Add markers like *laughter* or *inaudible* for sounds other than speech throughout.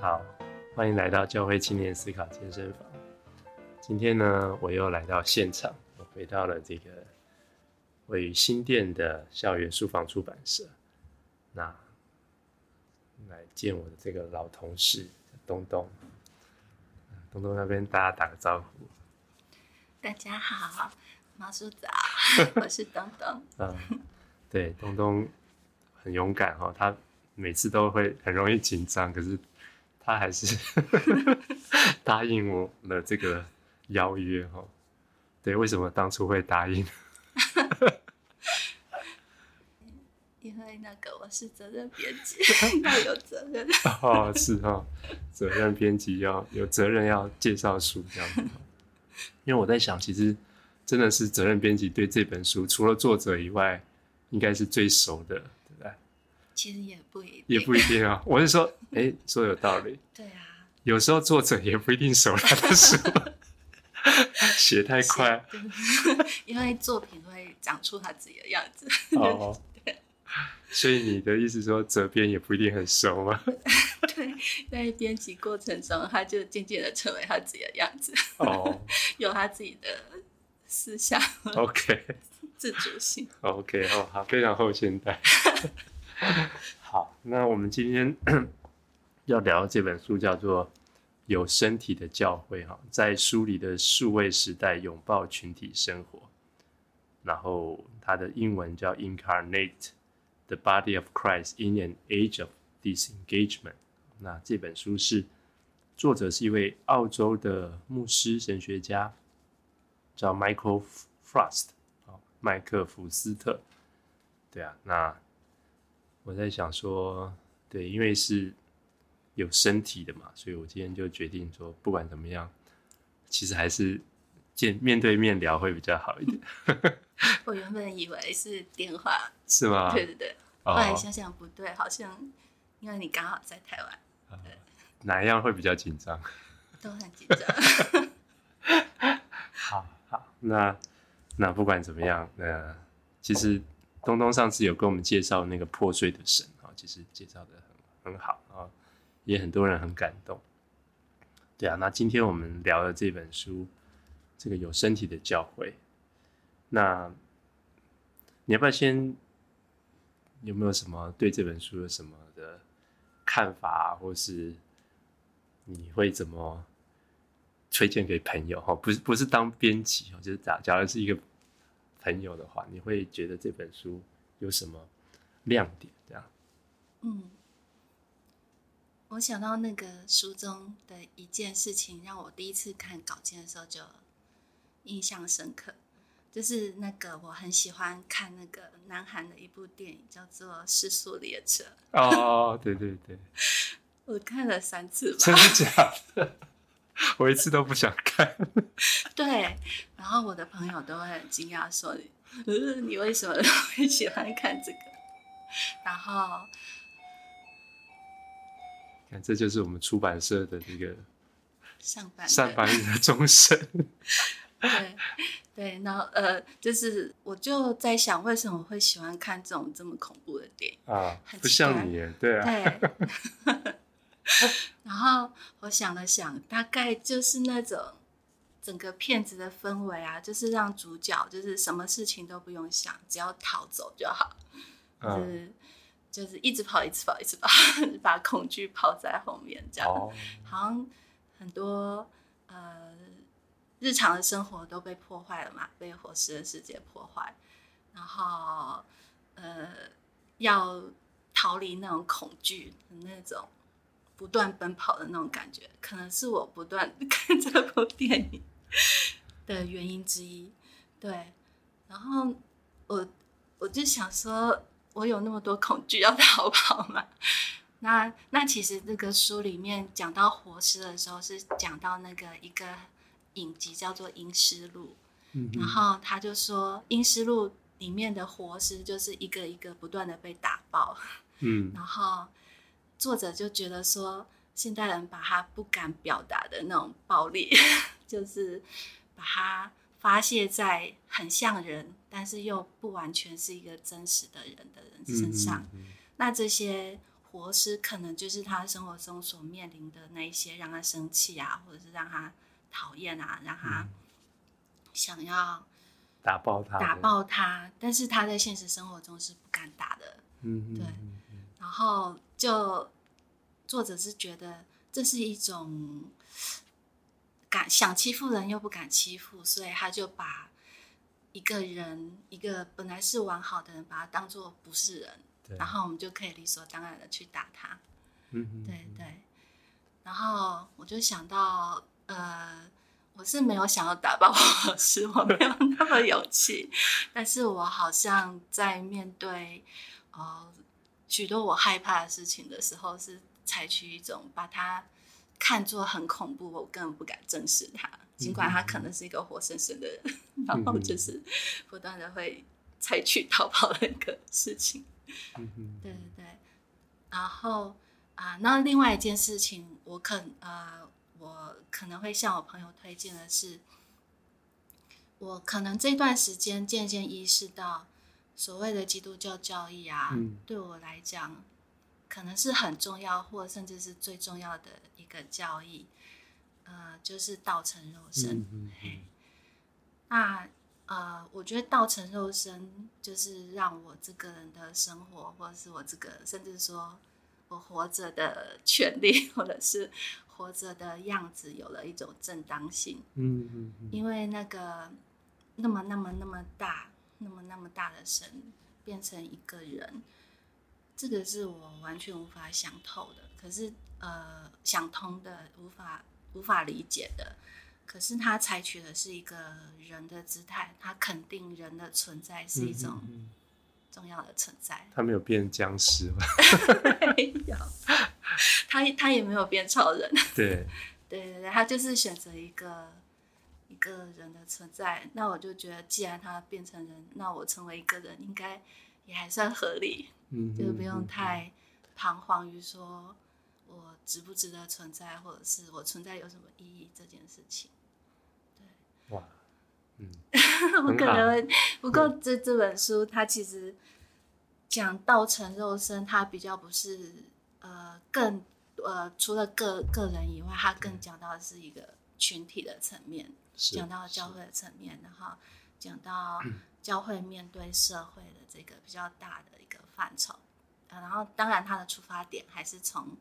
好，歡迎來到教會青年思考健身房。今天呢，我又來到現場，我回到了這個位於新店的校園書房出版社。那來見我的這個老同事東東，東東那邊大家打個招呼。大家好，毛叔早，我是東東。 *laughs* 嗯，對，東東很勇敢哈、哦，他每次都會很容易緊張，可是。他還是 *laughs* 答應我了這個邀約哈，對，為什麼當初會答應？ *laughs* 因為那個我是責任編輯，要有責任 *laughs* 哦，是哈、哦，責任編輯要有責任要介紹書這樣子，因為我在想，其實真的是責任編輯對這本書除了作者以外，應該是最熟的。其實也不一定，也不一定啊。 *laughs* 我是說，哎、欸，說有道理。對啊，有時候作者也不一定熟了的時候，寫太快。 *laughs* *laughs* 因為作品會長出他自己的樣子。哦、oh, *laughs* 所以你的意思說，責編也不一定很熟嗎？對，對在編輯過程中，他就漸漸的成為他自己的樣子。哦、oh. *laughs* 有他自己的思想。OK。自主性。OK，哦、oh, 好，非常後現代。 *laughs* *laughs* 好，那我們今天要聊這本書叫做《有身體的教會》哈，在疏離的數位時代擁抱群體生活，然後它的英文叫《Incarnate the Body of Christ in an Age of Disengagement》。那這本書是作者是一位澳洲的牧師神學家，叫 Michael Frost，哦，麥克福斯特，對啊，那。我在想說，對，因為是有身體的嘛，所以我今天就決定說，不管怎麼樣，其實還是見面對面聊會比較好一點。 *laughs* 我原本以為是電話，是嗎？對對對，後來想想不對、哦，好像因為你剛好在台灣、哦。哪一樣會比較緊張？ *laughs* 都很緊張。 *laughs* 好好，那那不管怎麼樣，那、哦呃、其實。東東上次有跟我們介紹那個破碎的神啊，其實介紹的很很好啊，也很多人很感動。對啊，那今天我們聊的這本書，這個有身體的教會，那你要不要先有沒有什麼對這本書有什麼的看法，或是你會怎麼推薦給朋友？哈，不是不是當編輯哦，就是假假如是一個。朋友的話，你會覺得這本書有什麼亮點？這樣，嗯，我想到那個書中的一件事情，讓我第一次看稿件的時候就印象深刻，就是那個我很喜歡看那個南韓的一部電影，叫做《屍速列車》。哦，對對對，我看了三次吧，真的假的？我一次都不想看 *laughs* 對，然後我的朋友都會很驚訝說你、呃：“你為什麼會喜歡看這個？”然後，看這就是我們出版社的一、那個上班上班日的鐘聲。對對，然後呃，就是我就在想，為什麼會喜歡看這種這麼恐怖的電影啊？不像你耶，對啊。對。 *laughs* *laughs* 然後我想了想，大概就是那種整個片子的氛圍啊，就是讓主角就是什麼事情都不用想，只要逃走就好，嗯、就是就是一直跑，一直跑，一直跑，把恐懼拋在後面，這樣、哦。好像很多呃日常的生活都被破壞了嘛，被活屍的世界破壞，然後呃要逃離那種恐懼的那種。不斷奔跑的那種感覺，可能是我不斷看這部電影的原因之一。對，然後我我就想說，我有那麼多恐懼要逃跑嘛？那那其實這個書裡面講到活屍的時候，是講到那個一個影集叫做《陰屍路》嗯，然後他就說，《陰屍路》裡面的活屍就是一個一個不斷的被打爆。嗯，然後。作者就覺得說，現代人把他不敢表達的那種暴力，就是把他發洩在很像人，但是又不完全是一個真實的人的人身上。嗯嗯嗯。那這些活屍，可能就是他生活中所面臨的那一些，讓他生氣啊，或者是讓他討厭啊，讓他想要、嗯、打爆他，打爆他。但是他在現實生活中是不敢打的。嗯，嗯，嗯，對。然後就作者是覺得這是一種敢想欺負人又不敢欺負，所以他就把一個人，一個本來是完好的人，把他當做不是人，然後我們就可以理所當然的去打他、嗯。對對。然後我就想到，呃，我是沒有想要打爆我老師，我沒有那麼勇氣。 *laughs* 但是我好像在面對，呃、哦。許多我害怕的事情的時候，是採取一種把它看作很恐怖，我根本不敢正視它。儘管它可能是一個活生生的人，嗯、然後就是不斷的會採取逃跑的一個事情。嗯、對對對，然後啊、呃，那另外一件事情，我可啊、嗯呃，我可能會向我朋友推薦的是，我可能這段時間漸漸意識到。所謂的基督教教義啊，嗯、對我來講，可能是很重要，或甚至是最重要的一個教義，呃，就是道成肉身。那、嗯嗯嗯啊、呃，我覺得道成肉身就是讓我這個人的生活，或者是我這個，甚至說我活着的權利，或者是活着的樣子，有了一種正當性。嗯嗯嗯、因為那個那麼那麼那麼大。那麼那麼大的神變成一個人，這個是我完全無法想透的。可是呃，想通的無法無法理解的。可是他採取的是一個人的姿態，他肯定人的存在是一種重要的存在。嗯、他沒有變殭屍， *laughs* *laughs* 他他也沒有變超人，對， *laughs* 對對對，他就是選擇一個。個人的存在，那我就覺得，既然他變成人，那我成為一個人，應該也還算合理。嗯，就不用太彷徨於說我值不值得存在，或者是我存在有什麼意義這件事情。對，哇，嗯， *laughs* 我可能、嗯啊、不過這、嗯、這本書，它其實講道成肉身，它比較不是呃更呃除了個個人以外，它更講到的是一個群體的層面。嗯講到教會的層面，然後講到教會面對社會的這個比較大的一個範疇，然後當然他的出發點還是從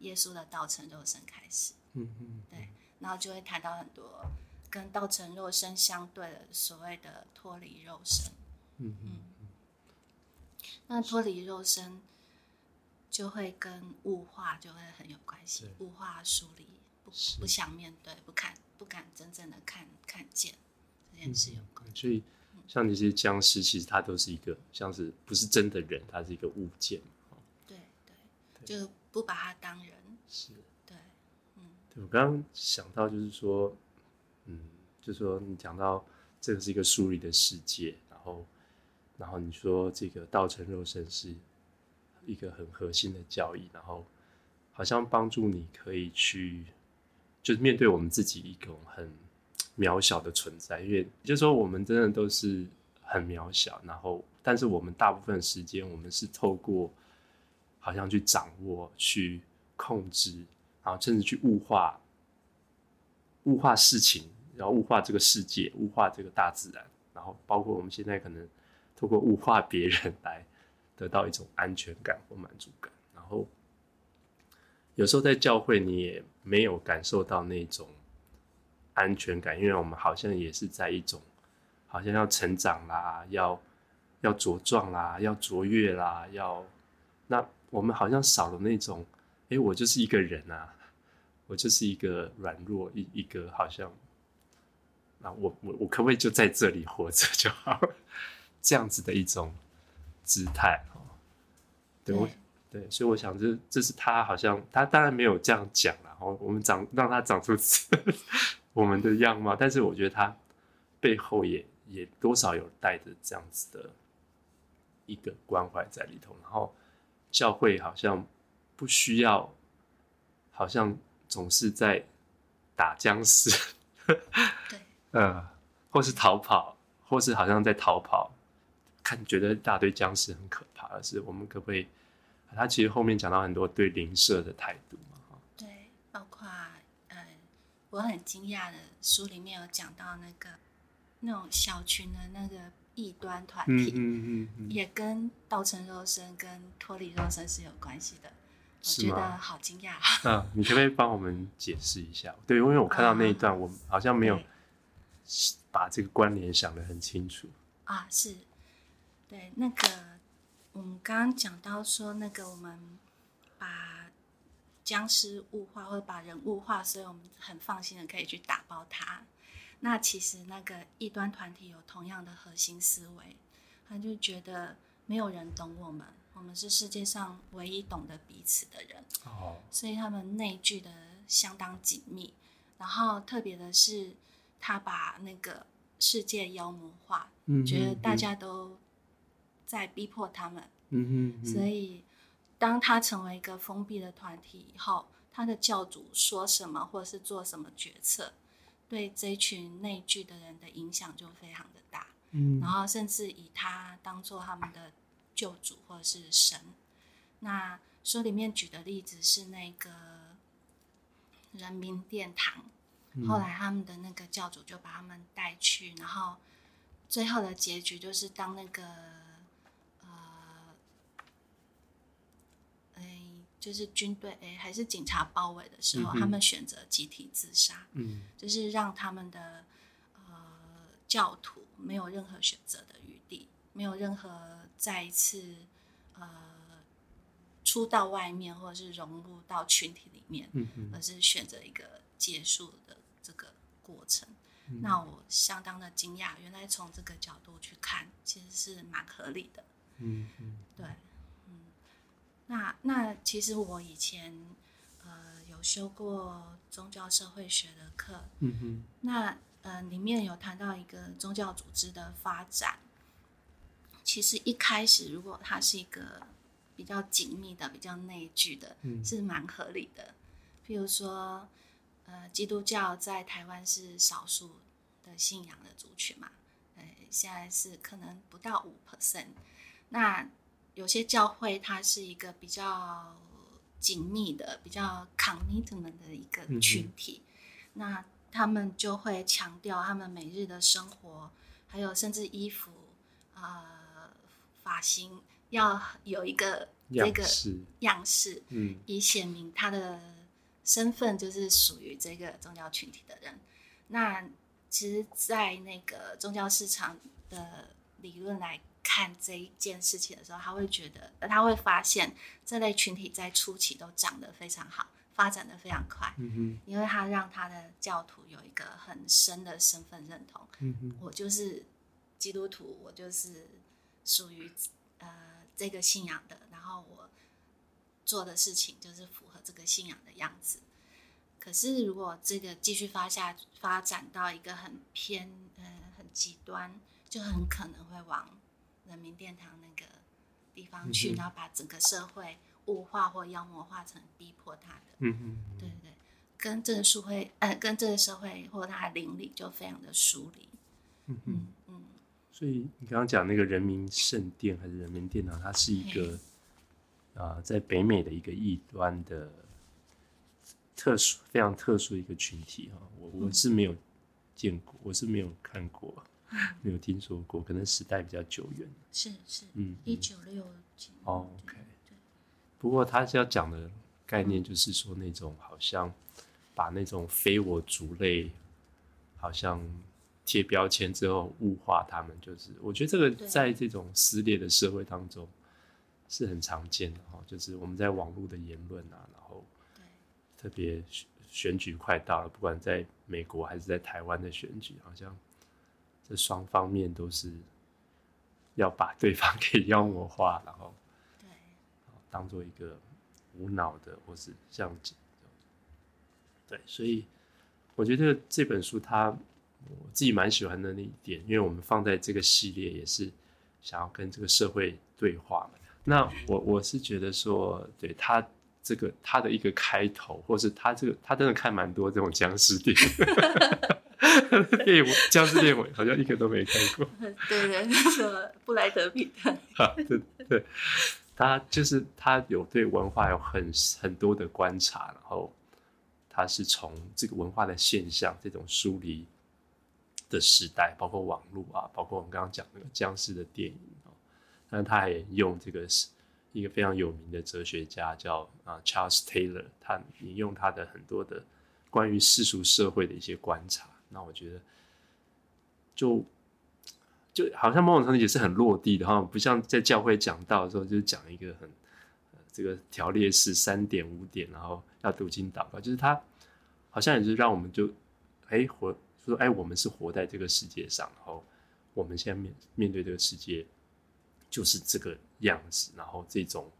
耶穌的道成肉身開始，嗯嗯，對，然後就會談到很多跟道成肉身相對的所謂的脫離肉身，嗯嗯、嗯，那脫離肉身就會跟物化就會很有關係，物化疏離。不，不想面對，不敢不敢真正的看，看見這件事有關，嗯。所以，像那些殭屍，其實它都是一個、嗯、像是不是真的人，它是一個物件。對對，對，就不把它當人。是。對。嗯。我剛剛想到，就是說，嗯，就是說，你講到這個是一個疏離的世界，然後，然後你說這個道成肉身是一個很核心的教義，嗯、然後，好像幫助你可以去。就是面對我們自己一種很渺小的存在，因為就是說我們真的都是很渺小，然後但是我們大部分的時間我們是透過好像去掌握、去控制，然後甚至去物化物化事情，然後物化這個世界、物化這個大自然，然後包括我們現在可能透過物化別人來得到一種安全感或滿足感，然後。有時候在教會，你也沒有感受到那種安全感，因為我們好像也是在一種，好像要成長啦，要要茁壯啦，要卓越啦，要那我們好像少了那種，哎、欸，我就是一個人啊，我就是一個軟弱一一個，好像，那、啊、我我我可不可以就在這裡活着就好，這樣子的一種姿態哦、嗯，對我。對，所以我想這，這這是他好像他當然沒有這樣講，然後我們長，讓他長出我們的樣貌，但是我覺得他背後也也多少有帶着這樣子的一個關懷在裡頭。然後教會好像不需要，好像總是在打僵屍，對， *laughs* 呃，或是逃跑，或是好像在逃跑，看覺得一大堆僵屍很可怕，而是我們可不可以？他其實後面講到很多對鄰舍的態度嘛，哈。對，包括呃、嗯，我很驚訝的，書裡面有講到那個那種小群的那個異端團體，嗯嗯嗯，嗯，也跟道成肉身跟脫離肉身是有關係的，啊、我覺得好驚訝。嗯、啊，你可不可以幫我們解釋一下？ *laughs* 對，因為我看到那一段，我好像沒有把這個關聯想得很清楚。啊，是對那個。我們剛剛講到說，那個我們把僵屍物化或者把人物化，所以我們很放心的可以去打包它。那其實那個異端團體有同樣的核心思維，他就覺得沒有人懂我們，我們是世界上唯一懂得彼此的人。哦、oh.，所以他們內聚的相當緊密。然後特別的是，他把那個世界妖魔化，mm -hmm. 覺得大家都。在逼迫他們，嗯哼哼，所以當他成為一個封閉的團體以後，他的教主說什麼或是做什麼決策，對這一群內聚的人的影響就非常的大，嗯，然後甚至以他當做他們的救主或者是神。那書裡面舉的例子是那個人民殿堂，後來他們的那個教主就把他們帶去，然後最後的結局就是當那個。就是軍隊哎、欸，還是警察包圍的時候，嗯嗯，他們選擇集體自殺，嗯，就是讓他們的呃教徒沒有任何選擇的餘地，沒有任何再一次呃出到外面或者是融入到群體裡面，嗯嗯，而是選擇一個結束的這個過程。嗯、那我相當的驚訝，原來從這個角度去看，其實是蠻合理的，嗯，嗯，對。那那其實我以前呃有修過宗教社會學的課，嗯那呃裡面有談到一個宗教組織的發展，其實一開始如果它是一個比較緊密的、比較內聚的，嗯、是蠻合理的。譬如說，呃，基督教在台灣是少數的信仰的族群嘛，呃、現在是可能不到五 percent，那。有些教會，它是一個比較緊密的、比較 commitment 的一個群體嗯嗯，那他們就會強調他們每日的生活，還有甚至衣服、啊、呃、髮型要有一個這個樣式，樣式以顯明他的身份就是屬於這個宗教群體的人。那其實，在那個宗教市場的理論來講。看這一件事情的時候，他會覺得，他會發現這類群體在初期都長得非常好，發展得非常快。嗯哼，因為他讓他的教徒有一個很深的身份認同。嗯哼，我就是基督徒，我就是屬於呃這個信仰的，然後我做的事情就是符合這個信仰的樣子。可是，如果這個繼續發下發展到一個很偏，呃，很極端，就很可能會往。人民殿堂那個地方去、嗯，然後把整個社會物化或妖魔化成逼迫他的，嗯嗯，對對對，跟這個社會，呃，跟這個社會或他的鄰里就非常的疏離，嗯嗯，嗯，所以你剛剛講那個人民聖殿還是人民殿堂，它是一個啊，在北美的一個異端的特殊非常特殊的一個群體哈，我我是沒有見過、嗯，我是沒有看過。 *laughs* 沒有聽說過，可能時代比較久遠。 *laughs* 是是，嗯，一九六幾。1960, oh, OK，對，對。不過他是要講的概念，就是說那種好像把那種非我族類，好像貼標籤之後物化他們，就是我覺得這個在這種撕裂的社會當中是很常見的哈。就是我們在網絡的言論啊，然後特別選，選舉快到了，不管在美國還是在台灣的選舉，好像。這雙方面都是要把對方給妖魔化，然後當做一個無腦的或是這樣子。對，所以我覺得這本書它我自己蠻喜歡的那一點，因為我們放在這個系列也是想要跟這個社會對話嘛。那我我是覺得說，對他這個他的一個開頭，或是他這個他真的看蠻多這種僵屍片。 *laughs* *laughs* 電影僵屍電影好像一個都沒看過，對、 *laughs* *laughs* *laughs* 啊、對，什麼布萊德彼特，對對，他就是他有對文化有很很多的觀察，然後他是從這個文化的現象，這種疏離的時代，包括網絡啊，包括我們剛剛講那個僵屍的電影，但他也用這個一個非常有名的哲學家叫啊 Charles Taylor，他引用他的很多的關於世俗社會的一些觀察。那我覺得就，就就好像某種程度也是很落地的哈，不像在教會講到的時候，就講一個很，這個條列式三點五點，然後要讀經禱告，就是他好像也是讓我們就，哎、欸、活，說哎、欸、我們是活在這個世界上，然後我們現在面面對這個世界就是這個樣子，然後這種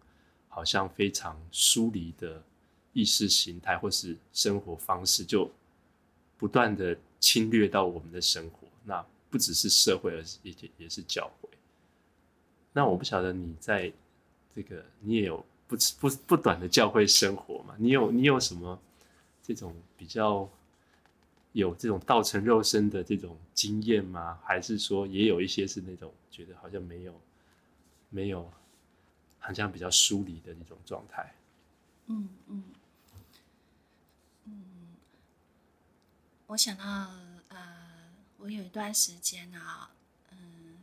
好像非常疏離的意識形態或是生活方式就。不斷的侵略到我們的生活，那不只是社會而是，而且也是教會。那我不曉得你在這個，你也有不不不短的教會生活嗎？你有你有什麼這種比較有這種道成肉身的這種經驗嗎？還是說也有一些是那種覺得好像沒有沒有，好像比較疏離的那種狀態？嗯嗯。我想到，呃，我有一段時間啊，喔，嗯，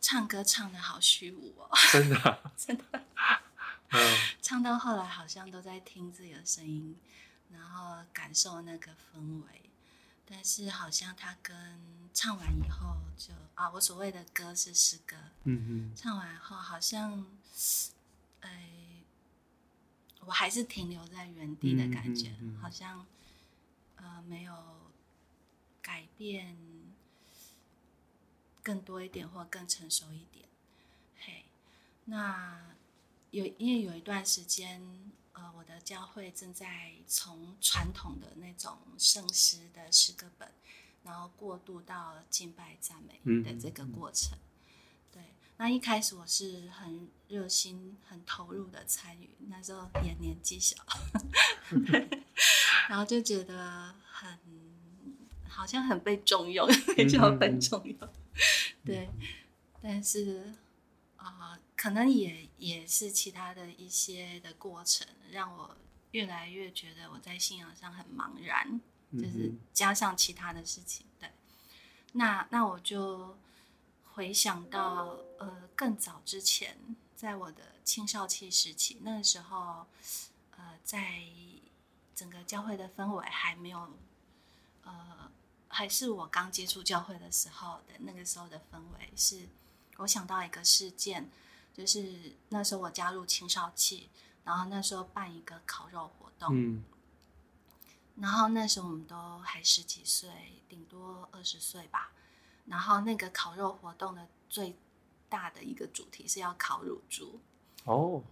唱歌唱的好虛無哦，喔，真的，啊， *laughs* 真的，uh. 唱到後來好像都在聽自己的聲音，然後感受那個氛圍，但是好像他跟唱完以後就啊，我所謂的歌是詩歌，嗯哼，唱完以後好像，哎，欸，我還是停留在原地的感覺，嗯，好像。呃，沒有改變更多一點，或更成熟一點。嘿、hey，那有因為有一段時間，呃，我的教會正在從傳統的那種聖詩的詩歌本，然後過渡到敬拜讚美的這個過程。嗯嗯、對，那一開始我是很熱心、很投入的參與，那時候也年紀小。 *laughs* *laughs* 然後就覺得很好像很被重用，比較被重用。對，mm -hmm. 但是啊、呃，可能也也是其他的一些的過程，讓我越來越覺得我在信仰上很茫然，mm -hmm. 就是加上其他的事情。對，那那我就回想到呃更早之前，在我的青少期時期，那個時候呃在。整個教會的氛圍還沒有，呃，還是我剛接觸教會的時候的那個時候的氛圍。是，我想到一個事件，就是那時候我加入青少契，然後那時候辦一個烤肉活動，嗯，然後那時候我們都還十幾歲，頂多二十歲吧。然後那個烤肉活動的最大的一個主題是要烤乳豬，哦，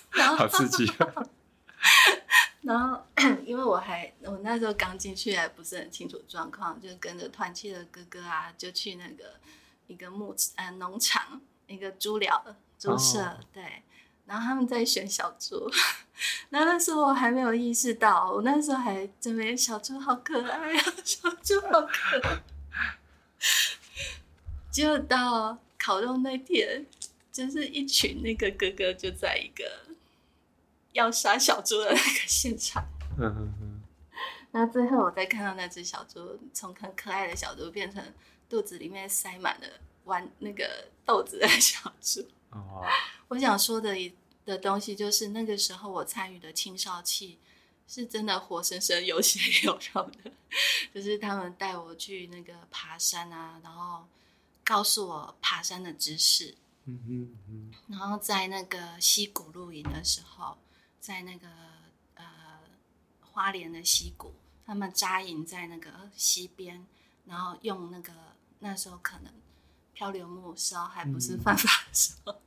*laughs* 好刺激。 *laughs* 然後，因為我還我那時候剛進去還不是很清楚狀況，就是跟着團契的哥哥啊，就去那個一個牧場呃農場，一個豬寮豬舍，oh. 對。然後他們在選小豬，那那時候我還沒有意識到，我那時候還認為小豬好可愛啊，小豬好可愛。 *laughs* *laughs* 就到烤肉那天，就是一群那個哥哥就在一個。要殺小豬的那個現場，嗯 *laughs* 那 *laughs* 最後我再看到那隻小豬從很可愛的小豬變成肚子裡面塞滿了玩那個豆子的小豬。Oh. 我想說的一的東西就是那個時候我參與的青少契是真的活生生有血有肉的，就是他們帶我去那個爬山啊，然後告訴我爬山的知識。嗯嗯嗯。然後在那個溪谷露營的時候。在那個呃花蓮的溪谷，他們紮營在那個溪邊，然後用那個那時候可能漂流木燒還不是犯法的時候，嗯、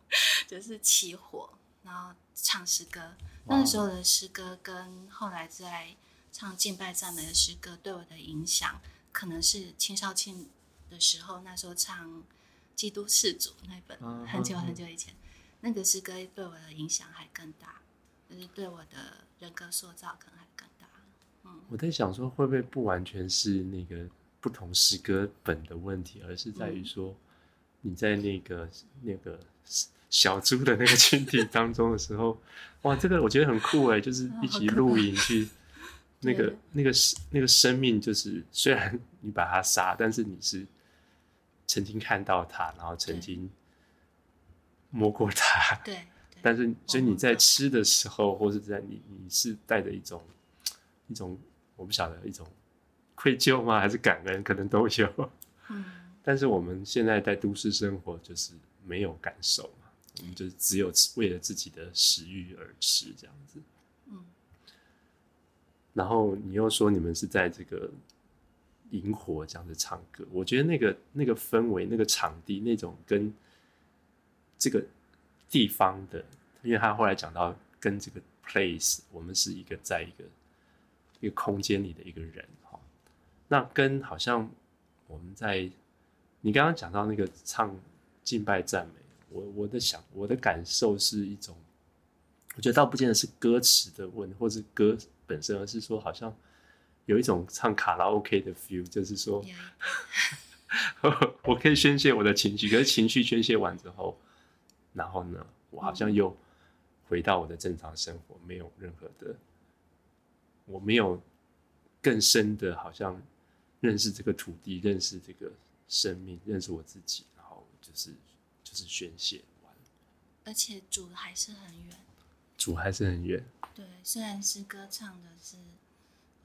就是起火，然後唱詩歌。那時候的詩歌跟後來在唱敬拜讚美的詩歌對我的影響，可能是青少年的時候那時候唱《基督世祖》那本很久很久以前、嗯、那個詩歌對我的影響還更大。你對我的人格塑造可能還更大。嗯，我在想說，會不會不完全是那個不同詩歌本的問題，而是在於說你在那個、嗯、那個小豬的那個群體當中的時候， *laughs* 哇，這個我覺得很酷誒，就是一起露營去，那個 *laughs* 可怕， *laughs* 那個那個那個生命，就是雖然你把它殺，但是你是曾經看到它，然後曾經摸過它，對。對但是，所以你在吃的時候，oh, okay. 或是在你你是帶着一種一種我不曉得一種愧疚嗎？還是感恩？可能都有。Okay. 但是我們現在在都市生活，就是沒有感受嘛。我們就是只有為了自己的食欲而吃這樣子。Okay. 然後你又說你們是在這個營火這樣子唱歌，我覺得那個那個氛圍、那個場地、那種跟這個。地方的，因為他後來講到跟這個 place，我們是一個在一個一個空間裡的一個人哈、哦。那跟好像我們在，你剛剛講到那個唱敬拜讚美，我我的想我的感受是一種，我覺得倒不見得是歌詞的問，或者是歌本身，而是說好像有一種唱卡拉 OK 的 feel，就是說，yeah. *laughs* *laughs* 我可以宣洩我的情緒，可是情緒宣洩完之後。然後呢，我好像又回到我的正常生活，嗯，沒有任何的，我沒有更深的好像認識這個土地，認識這個生命，認識我自己，然後就是就是宣泄完了，而且主還是很遠，主還是很遠。對，雖然是歌唱的是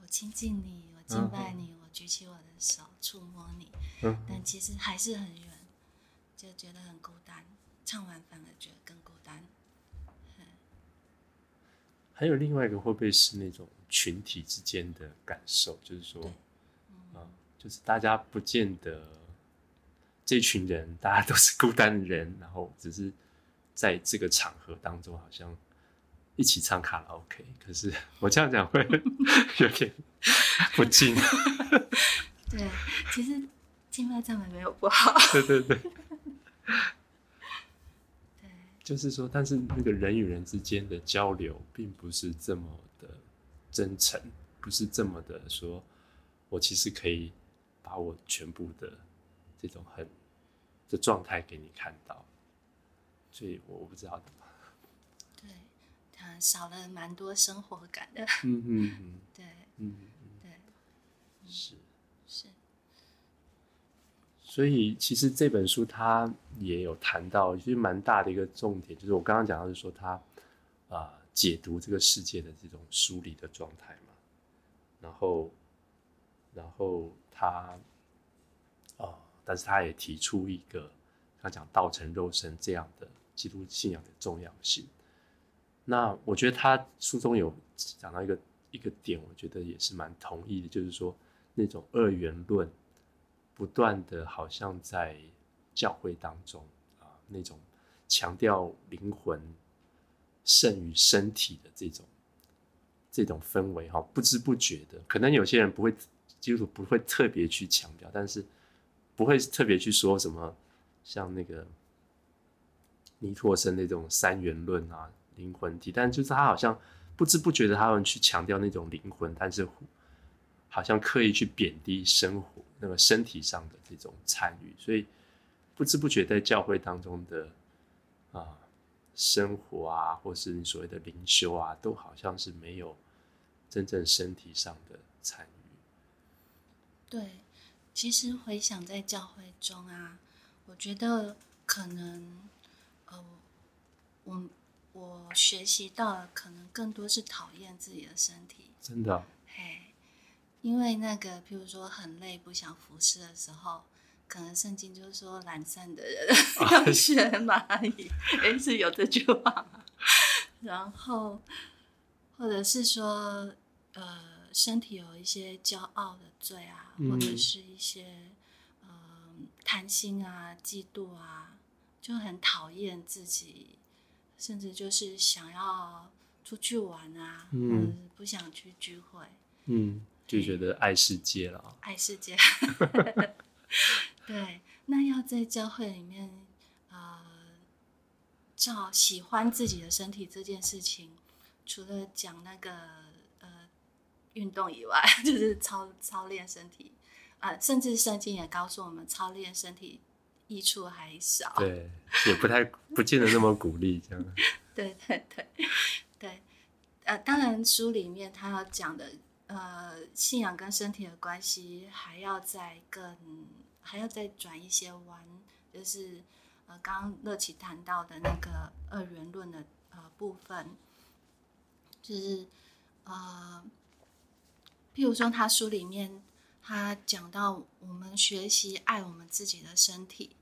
我親近你，我敬拜你，嗯，我舉起我的手觸摸你，嗯，但其實還是很遠，就覺得很孤單。唱完反而覺得更孤單，嗯。還有另外一個會不會是那種群體之間的感受？就是說，嗯嗯，就是大家不見得這群人大家都是孤單人，然後只是在這個場合當中好像一起唱卡拉 OK。可是我這樣講會有點不敬。對，其實敬拜讚美沒有不好。對對對。就是說，但是那個人與人之間的交流並不是這麼的真誠，不是這麼的說，我其實可以把我全部的這種很的狀態給你看到，所以我不知道的。對，他少了蠻多生活感的。嗯嗯 *laughs* 對嗯，嗯。對，嗯嗯是。所以其實這本書他也有談到，其實蠻大的一個重點，就是我剛剛講到，是說他啊、呃、解讀這個世界的這種疏離的狀態嘛。然後，然後他啊、哦，但是他也提出一個，他講道成肉身這樣的基督信仰的重要性。那我覺得他書中有講到一個一個點，我覺得也是蠻同意的，就是說那種二元論。不斷的，好像在教會當中啊、呃，那種強調靈魂勝於身體的這種這種氛圍哈、哦，不知不覺的，可能有些人不會基督徒不會特別去強調，但是不會特別去說什麼，像那個倪柝聲那種三元論啊，靈魂體，但就是他好像不知不覺的，他們去強調那種靈魂，但是好像刻意去貶低生活，那個身體上的這種參與，所以不知不覺在教會當中的啊、呃、生活啊，或是你所謂的靈修啊，都好像是沒有真正身體上的參與。對，其實回想在教會中啊，我覺得可能呃，我我學習到的可能更多是討厭自己的身體。真的、啊。因為那個，譬如說很累不想服侍的時候，可能聖經就是說懶散的人、啊、 *laughs* 要學螞蟻， *laughs* 是有這句話嗎？然後，或者是說，呃，身體有一些驕傲的罪啊，嗯、或者是一些，嗯、呃，貪心啊、嫉妒啊，就很討厭自己，甚至就是想要出去玩啊，嗯，不想去聚會，嗯。就覺得愛世界了、哦，愛世界。 *laughs* 對，那要在教會裡面，呃，照喜歡自己的身體這件事情，除了講那個呃運動以外，就是操操練身體啊、呃，甚至聖經也告訴我們，操練身體益處還少。對，也不太不見得那麼鼓勵，這樣。 *laughs* 對對對對，呃，當然書裡面他要講的。呃，信仰跟身體的關係還要再更，還要再轉一些彎，就是、呃、剛剛樂琪談到的那個二元論的、呃、部分，就是呃，譬如說他書裡面他講到我們學習愛我們自己的身體，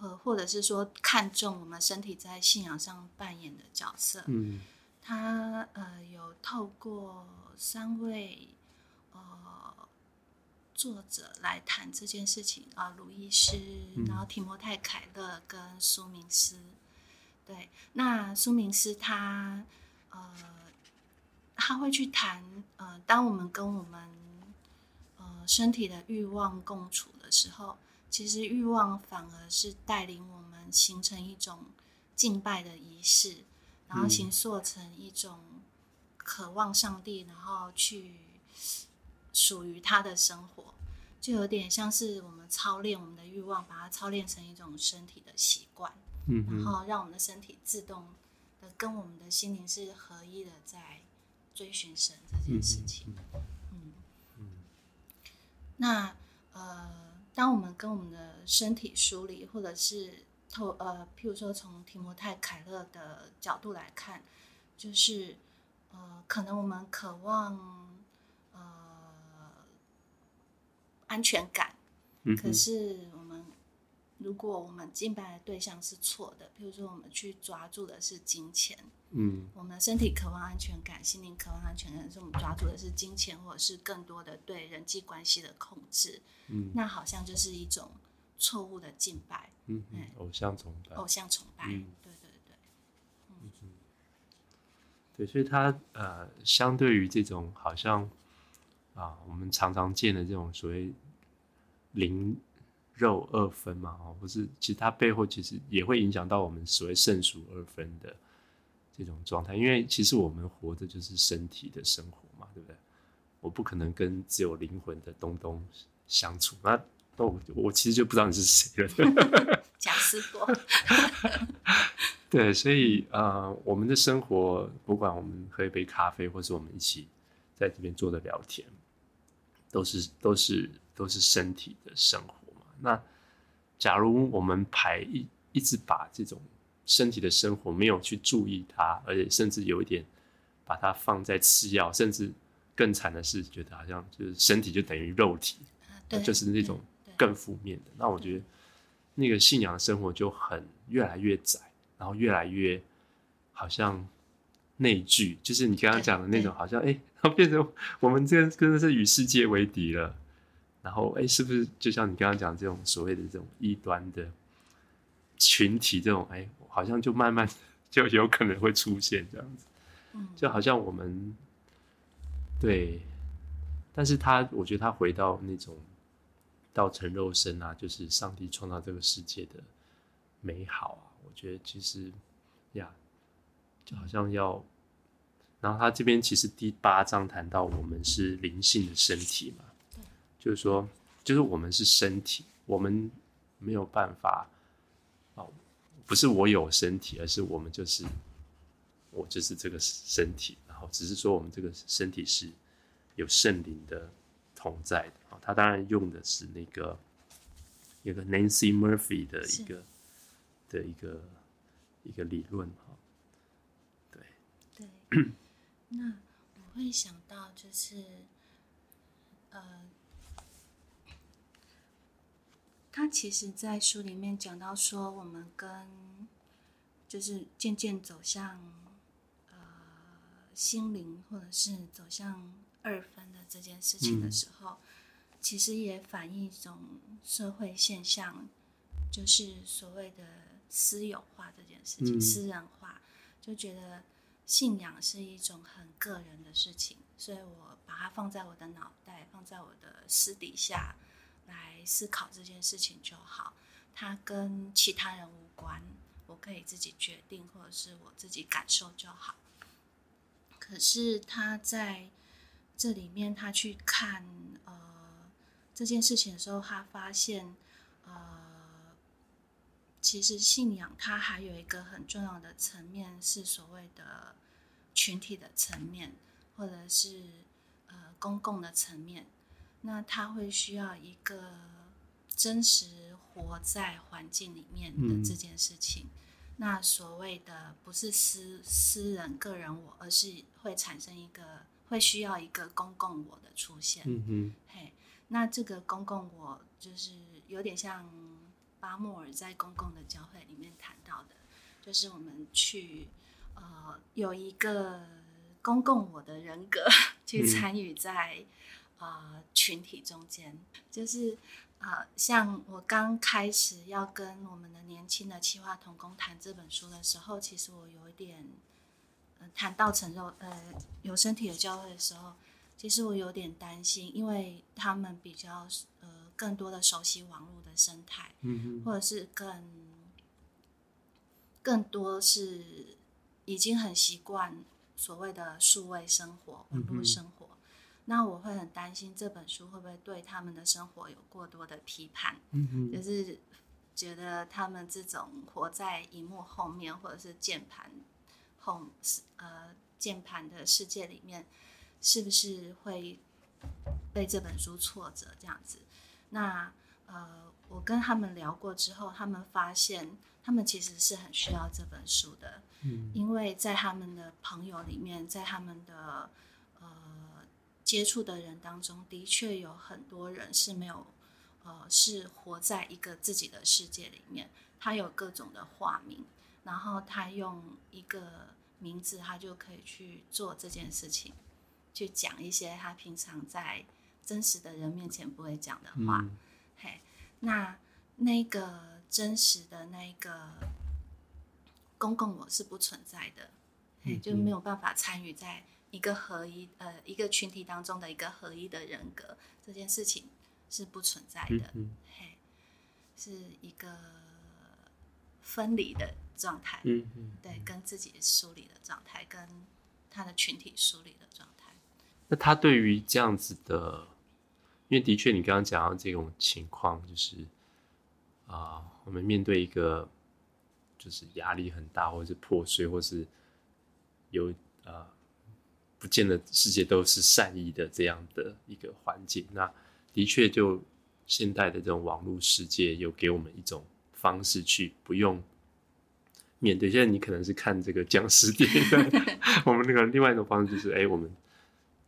呃、或者是說看重我們身體在信仰上扮演的角色，嗯。他呃有透過三位呃作者來談這件事情啊、呃，魯益師、嗯，然後提摩太凱勒跟蘇明斯。對，那蘇明斯他呃他會去談呃，當我們跟我們呃身體的欲望共處的時候，其實欲望反而是帶領我們形成一種敬拜的儀式。然後形塑成一種渴望上帝，然後去屬於他的生活，就有點像是我們操練我們的慾望，把它操練成一種身體的習慣，嗯，然後讓我們的身體自動的跟我們的心靈是合一的，在追尋神這件事情。嗯嗯，嗯。那呃，當我們跟我們的身體疏離，或者是。透，呃，譬如說，從提摩太凱勒的角度來看，就是呃，可能我們渴望呃安全感，嗯，可是，我們如果我們敬拜的對象是錯的，譬如說，我們去抓住的是金錢，嗯，我們身體渴望安全感，心靈渴望安全感，所以我們抓住的是金錢，或者是更多的對人際關係的控制，嗯，那好像就是一種。錯誤的敬拜嗯嗯，嗯，偶像崇拜，偶像崇拜，嗯、對對對，嗯，嗯對，所以它，呃，相對於這種好像啊，我們常常見的這種所謂靈肉二分嘛，哦，不是，其實它背後其實也會影響到我們所謂聖俗二分的這種狀態，因為其實我們活的就是身體的生活嘛，對不對？我不可能跟只有靈魂的東東相處，那。我我其實就不知道你是誰了， *laughs* 賈假師傅伯笑。對，所以啊、呃，我們的生活，不管我們喝一杯咖啡，或是我們一起在這邊坐著聊天，都是都是都是身體的生活嘛。那假如我們排一一直把這種身體的生活沒有去注意它，而且甚至有一點把它放在次要，甚至更慘的是，覺得好像就是身體就等於肉體，嗯、就是那種。更負面的，那我覺得那個信仰的生活就很越來越窄，然後越來越好像內聚，就是你剛剛講的那種，好像哎、欸，然後變成我們這真的是與世界為敵了。然後哎、欸，是不是就像你剛剛講這種所謂的這種異端的群體，這種哎、欸，好像就慢慢就有可能會出現這樣子，就好像我們對，但是他我覺得他回到那種。道成肉身啊，就是上帝創造這個世界的美好啊。我覺得其實呀，yeah, 就好像要，然後他這邊其實第八章談到我們是靈性的身體嘛，就是說，就是我們是身體，我們沒有辦法啊、哦，不是我有身體，而是我們就是我就是這個身體，然後只是說我們這個身體是有聖靈的。同在的啊，他當然用的是那個有個 Nancy Murphy 的一個的一個一個理論哈，對對，那我會想到就是呃，他其實，在書裡面講到說，我們跟就是漸漸走向呃心靈，或者是走向。二分的這件事情的時候、嗯，其實也反映一種社會現象，就是所謂的私有化這件事情、嗯、私人化，就覺得信仰是一種很個人的事情，所以我把它放在我的腦袋，放在我的私底下來思考這件事情就好，它跟其他人無關，我可以自己決定或者是我自己感受就好。可是他在。這裡面他去看呃這件事情的時候，他發現呃其實信仰它還有一個很重要的層面是所謂的群體的層面或者是呃公共的層面，那他會需要一個真實活在環境裡面的這件事情，嗯、那所謂的不是私私人個人我，而是會產生一個。會需要一個公共我的出現。嗯嘿，hey, 那這個公共我就是有點像巴莫爾在公共的教會裡面談到的，就是我們去呃有一個公共我的人格去參與在啊、嗯呃、群體中間，就是啊、呃、像我剛開始要跟我們的年輕的企劃同工談這本書的時候，其實我有一點。談到成肉，呃，有身體的教會的時候，其實我有點擔心，因為他們比較，呃，更多的熟悉網絡的生態，嗯，或者是更更多是已經很習慣所謂的數位生活、網絡生活、嗯，那我會很擔心這本書會不會對他們的生活有過多的批判，嗯嗯，就是覺得他們這種活在熒幕後面或者是鍵盤。Holmes, 呃，鍵盤的世界裡面，是不是會被這本書挫折這樣子？那呃，我跟他們聊過之後，他們發現他們其實是很需要這本書的，嗯，因為在他們的朋友裡面，在他們的呃接觸的人當中，的確有很多人是沒有呃，是活在一個自己的世界裡面，他有各種的化名，然後他用一個。名字，他就可以去做這件事情，去講一些他平常在真實的人面前不會講的話。嘿、嗯，hey, 那那個真實的那個公共我是不存在的，嘿、嗯嗯，就沒有辦法參與在一個合一呃一個群體當中的一個合一的人格，這件事情是不存在的，嘿、嗯，嗯、hey, 是一個分離的。狀態，嗯嗯，對，跟自己疏離的狀態，跟他的群體疏離的狀態。那他對於這樣子的，因為的確你剛剛講到這種情況，就是啊、呃，我們面對一個就是壓力很大，或是破碎，或是有啊、呃，不見得世界都是善意的這樣的一個環境。那的確，就現代的這種網絡世界，有給我們一種方式去不用。面對現在，你可能是看這個殭屍電影。 *laughs* *laughs* 我們那個另外一種方式就是，哎、欸，我們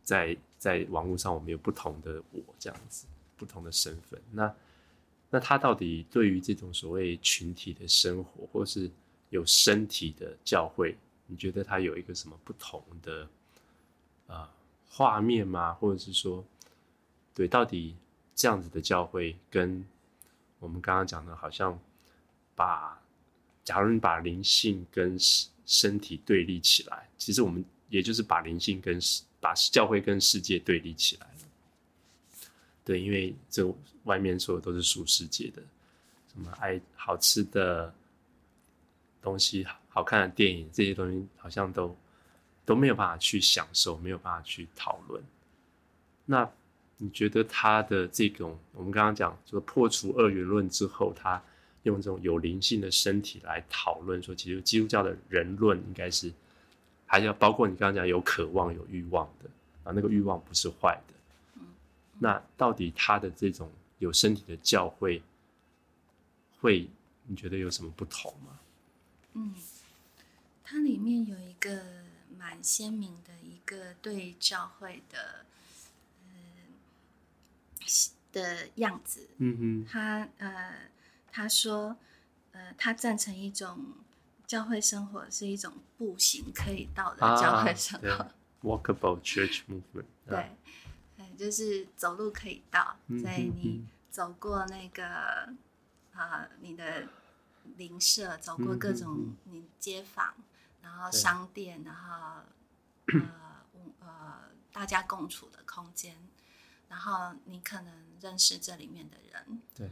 在在網絡上，我們有不同的我，這樣子不同的身份。那那他到底對於這種所謂群體的生活，或是有身體的教會，你覺得他有一個什麼不同的啊、呃、畫面嗎？或者是說，對，到底這樣子的教會跟我們剛剛講的，好像把。假如你把靈性跟身身體對立起來，其實我們也就是把靈性跟把教會跟世界對立起來了。對，因為這外面所有都是屬世界的，什麼愛好吃的東西、好看的電影，這些東西好像都都沒有辦法去享受，沒有辦法去討論。那你覺得他的這種，我們剛剛講，就是破除二元論之後，他？用這種有靈性的身體來討論，說其實基督教的人論應該是還要包括你剛剛講，有渴望、有欲望的啊，那個欲望不是壞的。那到底他的這種有身體的教會會，你覺得有什麼不同嗎？嗯，它裡面有一個蠻鮮明的一個對教會的嗯、呃、的樣子。嗯哼，它呃。他說：“呃，他贊成一種教會生活是一種步行可以到的教會生活，啊，walkable church movement，yeah。對，就是走路可以到。嗯哼哼，所以你走過那個啊，呃，你的鄰舍，走過各種你街坊，嗯哼哼，然後商店，然後呃，呃，大家共處的空間，然後你可能認識這裡面的人。”對。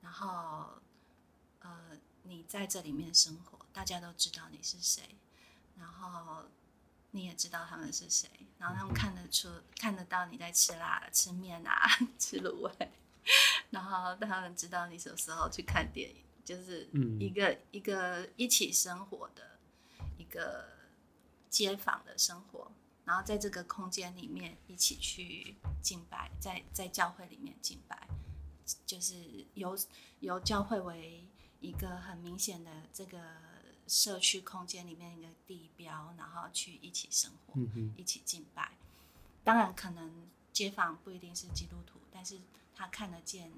然後，呃，你在這裡面生活，大家都知道你是誰，然後你也知道他們是誰，然後他們看得出、看得到你在吃辣、吃麵啊、吃滷味，然後他們知道你什麼時候去看電影，就是一個、嗯、一個一起生活的，一個街坊的生活，然後在這個空間裡面一起去敬拜，在在教會裡面敬拜。就是由由教會為一個很明顯的這個社區空間裡面一個地標，然後去一起生活，嗯、一起敬拜。當然，可能街坊不一定是基督徒，但是他看得見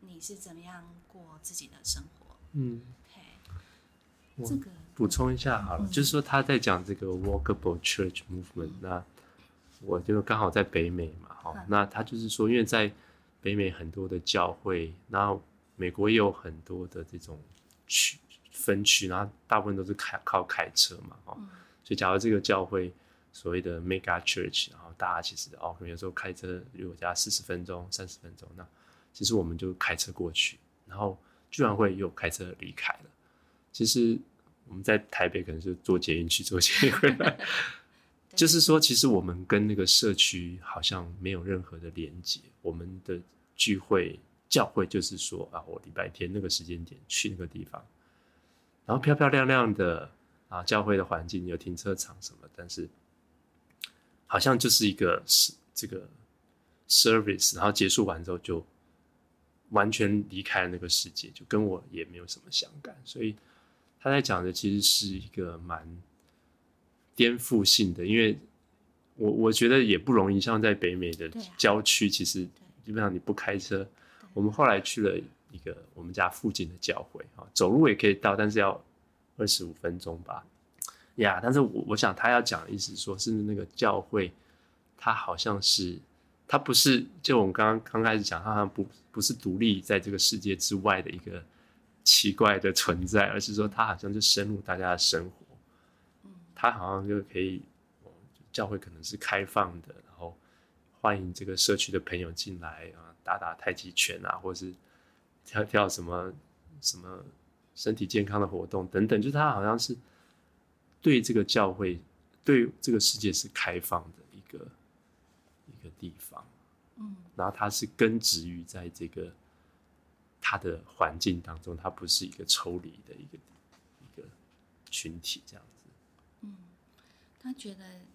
你是怎麼樣過自己的生活。嗯，OK，這個補充一下好了、嗯，就是說他在講這個 walkable church movement、嗯。那我就剛好在北美嘛，哈、嗯，那他就是說，因為在北美很多的教會，然後美國也有很多的這種區分區，然後大部分都是開靠開車嘛，哦、嗯，所以假如這個教會所謂的 Mega Church，然後大家其實哦，有時候開車離我家四十分鐘、三十分鐘，那其實我們就開車過去，然後居然會又開車離開了。其實我們在台北可能就坐捷運去，坐捷運回來。 *laughs* 就是說，其實我們跟那個社區好像沒有任何的連接。我們的聚會、教會就是說啊，我禮拜天那個時間點去那個地方，然後漂漂亮亮的，啊，教會的環境有停車場什麼，但是好像就是一個是這個 service，然後結束完之後就完全離開了那個世界，就跟我也沒有什麼相干。所以他在講的其實是一個蠻顛覆性的，因為我我覺得也不容易。像在北美的郊區，其實、啊、基本上你不開車。我們後來去了一個我們家附近的教會啊，走路也可以到，但是要二十五分鐘吧。呀、yeah，但是我我想他要講的意思說，是那個教會，他好像是，他不是，就我們剛剛剛開始講，他好像不不是獨立在這個世界之外的一個奇怪的存在，而是說他好像就深入大家的生活。他好像就可以，教會可能是開放的，然後歡迎這個社區的朋友進來啊，打打太極拳啊，或是跳跳什麼什麼身體健康的活動等等。就是他好像是對這個教會、對這個世界是開放的一個一個地方，嗯。然後他是根植於在這個他的環境當中，他不是一個抽離的一個一個群體這樣。他覺得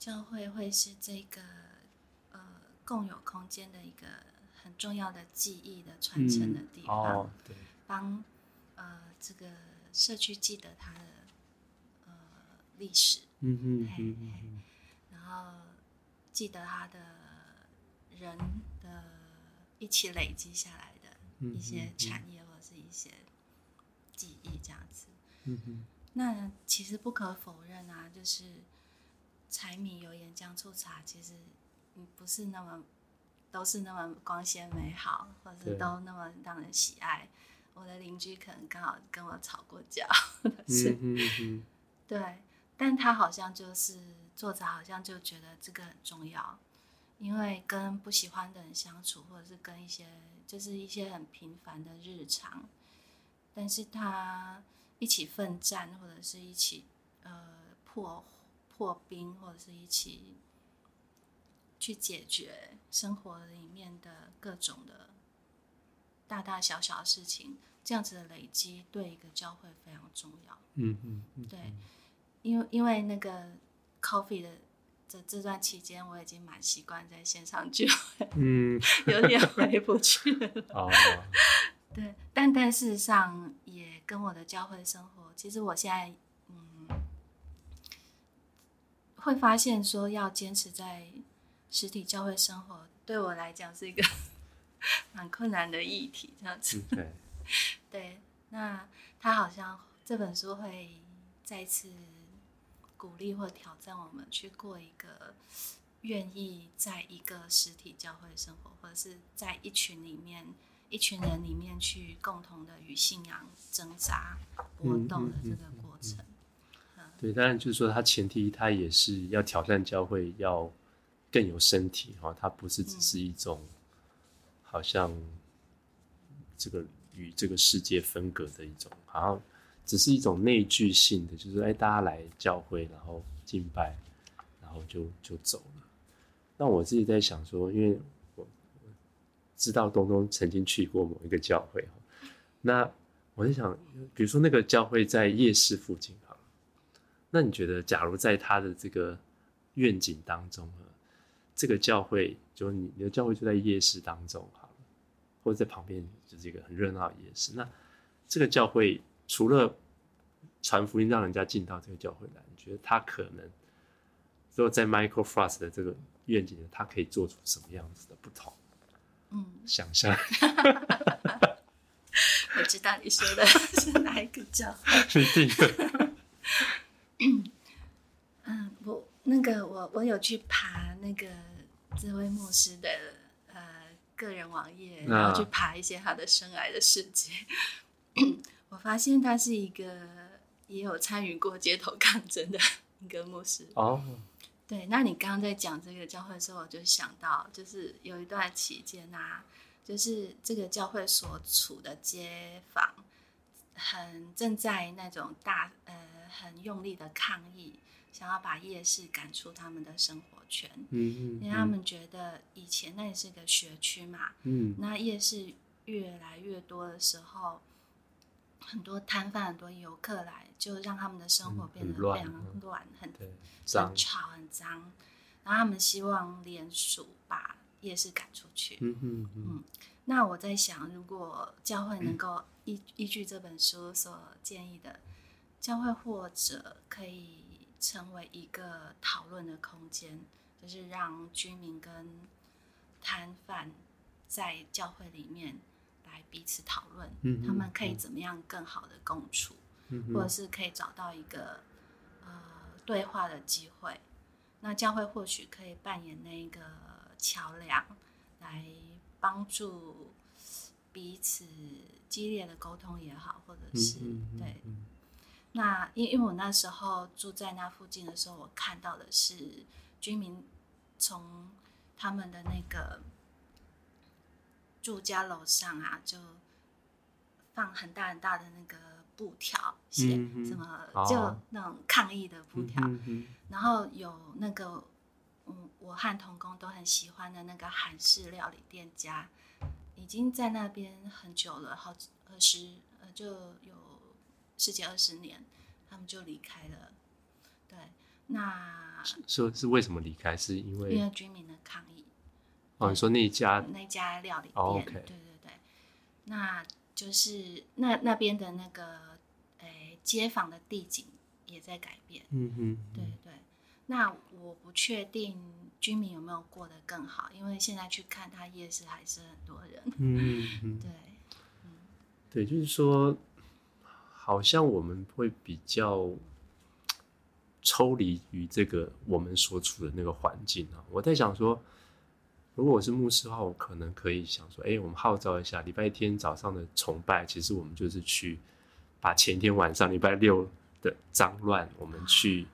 教會會是這個呃共有空間的一個很重要的記憶的傳承的地方，嗯哦、對，幫呃這個社區記得他的呃歷史，嗯哼，然後記得他的人的一起累積下來的一些產業或者是一些記憶這樣子，嗯哼。那其實不可否認啊，就是柴米油鹽醬醋茶，其實不是那麼都是那麼光鮮美好，或者是都那麼讓人喜愛。我的鄰居可能剛好跟我吵過架，是嗯嗯對，但他好像就是作者好像就覺得這個很重要，因為跟不喜歡的人相處，或者是跟一些就是一些很平凡的日常，但是他。一起奮戰，或者是一起呃破破冰，或者是一起去解決生活裡面的各種的大大小小的事情，這樣子的累積對一個教會非常重要。嗯嗯，嗯，對，因為因為那個 coffee 的這這段期間，我已經蠻習慣在線上聚會，嗯， *laughs* 有點回不去了。哦、 *laughs* oh.。對，但但事實上也跟我的教會生活，其實我現在嗯，會發現說要堅持在實體教會生活，對我來講是一個蠻困難的議題。這樣子，對。Okay. 對，那他好像這本書會再次鼓勵或挑戰我們去過一個願意在一個實體教會生活，或者是在一群裡面。一群人裡面去共同的與信仰掙扎波動的這個過程。嗯嗯嗯嗯嗯，對，當然就是說它，前提它也是要挑戰教會，要更有身體哈，它不是只是一種好像這個與這個世界分隔的一種，嗯、好像只是一種內聚性的，就是哎，大家來教會，然後敬拜，然後就就走了。那我自己在想說，因為。知道東東曾經去過某一個教會，那我在想，比如說那個教會在夜市附近哈，那你覺得假如在他的這個願景當中啊，這個教會就你你的教會就在夜市當中哈。或者在旁邊就是一個很熱鬧的夜市，那這個教會除了傳福音讓人家進到這個教會來，你覺得他可能，就在 Michael Frost 的這個願景，他可以做出什麼樣子的不同？嗯，想象 *laughs* 我知道你說的是哪一個叫？是 *laughs* *laughs* 嗯，我那個我我有去爬那個這位牧師的呃個人網頁，然後去爬一些他的生涯的世界、啊。 *coughs* 我發現他是一個也有參與過街頭抗爭的一個牧師哦。對，那你剛剛在講這個教會之後，我就想到，就是有一段期間啊，就是這個教會所處的街坊，很正在那種大呃，很用力的抗議，想要把夜市趕出他們的生活圈。嗯嗯，因為他們覺得以前那也是個學區嘛。嗯，那夜市越來越多的時候。很多攤販、很多遊客來，就讓他們的生活變得非常、嗯、很亂、很髒、很吵、很髒。然後他們希望聯署把夜市趕出去。嗯嗯嗯。那我在想，如果教會能夠依依據這本書所建議的、嗯，教會或者可以成為一個討論的空間，就是讓居民跟攤販在教會裡面。來彼此討論，他們可以怎麼樣更好的共處，嗯、或者是可以找到一個、呃、對話的機會。那教會或許可以扮演那個橋樑，來幫助彼此激烈的溝通也好，或者是、嗯、對。那因因為我那時候住在那附近的時候，我看到的是居民從他們的那個。住家樓上啊，就放很大很大的那個布條寫，嗯，什麼、哦、就那種抗議的布條、嗯。然後有那個，嗯，我和童工都很喜歡的那個韓式料理店家，已經在那邊很久了，好二十呃就有十幾二十年，他們就離開了。對，那說是，是為什麼離開？是因為，因為居民呢。哦、你說那家那家料理店，oh, okay. 對對對，那就是那那邊的那個、哎、街坊的地景也在改變，嗯哼嗯，對對。那我不確定居民有沒有過得更好，因為現在去看他夜市還是很多人，嗯哼對嗯，對，就是說，好像我們會比較抽離於這個我們所處的那個環境啊，我在想說。如果我是牧師的話，我可能可以想說，哎、欸，我們號召一下禮拜天早上的崇拜，其實我們就是去把前天晚上禮拜六的髒亂，我們去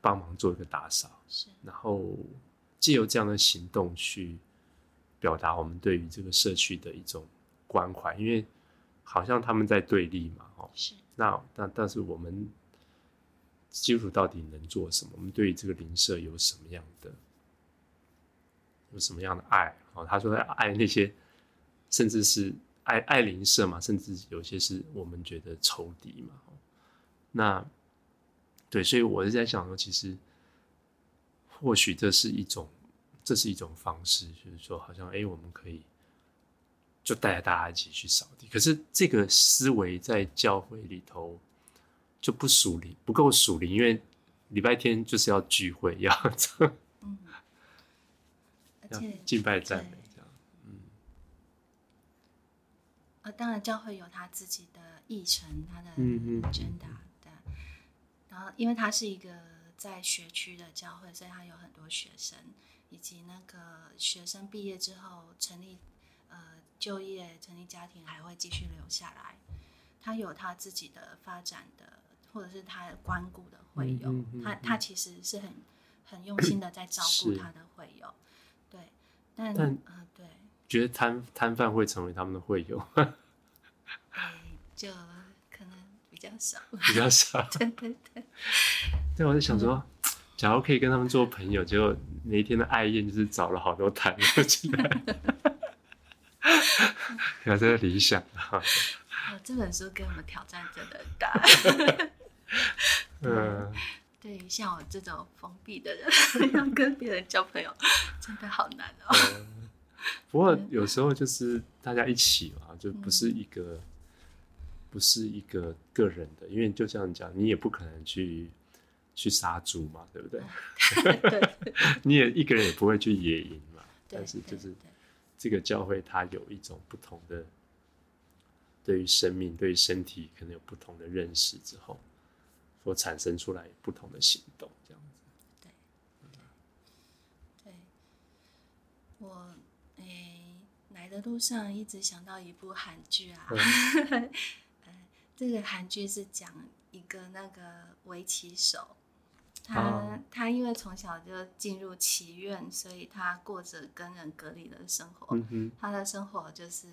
幫忙做一個打掃。是。然後借由這樣的行動去表達我們對於這個社區的一種關懷，因為好像他們在對立嘛，哦，是。那但但是我們基督徒到底能做什麼？我們對於這個鄰舍有什麼樣的？有什麼樣的愛？哦，他說愛那些，甚至是愛愛鄰舍嘛，甚至有些是我們覺得仇敵嘛。那對，所以我是在想說，其實或許這是一種，這是一種方式，就是說，好像哎、欸，我們可以就帶着大家一起去掃地。可是這個思維在教會裡頭就不屬靈，不夠屬靈，因為禮拜天就是要聚會，要。呵呵敬拜讚美這樣，嗯，啊、呃，當然教會有他自己的議程，他的嗯嗯傳達的。然後，因為他是一個在學區的教會，所以他有很多學生，以及那個學生畢業之後成立呃，就業成立家庭還會繼續留下來。他有他自己的發展的，或者是他關顧的會友， *noise* 他他其實是很很用心的在照顧他的會友。 *noise* 但、嗯呃、覺得攤攤販會成為他們的會友，對、 *laughs* 欸，就可能比較少，比較少， *laughs* 對對對。對，我在想說、嗯，假如可以跟他們做朋友，結果那一天的愛宴就是找了好多攤販進來，還在理想啊。這本書給我們挑戰真的很大。 *laughs* 嗯。對，像我這種封閉的人，要 *laughs* 跟別人交朋友，真的好難哦、嗯。不過有時候就是大家一起嘛，就不是一個，嗯、不是一個個人的，因為就像你講，你也不可能去去殺豬嘛，對不對？ *laughs* *laughs* 你也一個人也不會去野營嘛。 *laughs* 對，但是就是這個教會，它有一種不同的，對於生命、對於身體，可能有不同的認識之後。所產生出來不同的行動，這樣子對。對，對我，誒、欸，來的路上一直想到一部韓劇啊、嗯呵呵呃，這個韓劇是講一個那個圍棋手，他、啊、他因為從小就進入棋院，所以他過着跟人隔離的生活、嗯。他的生活就是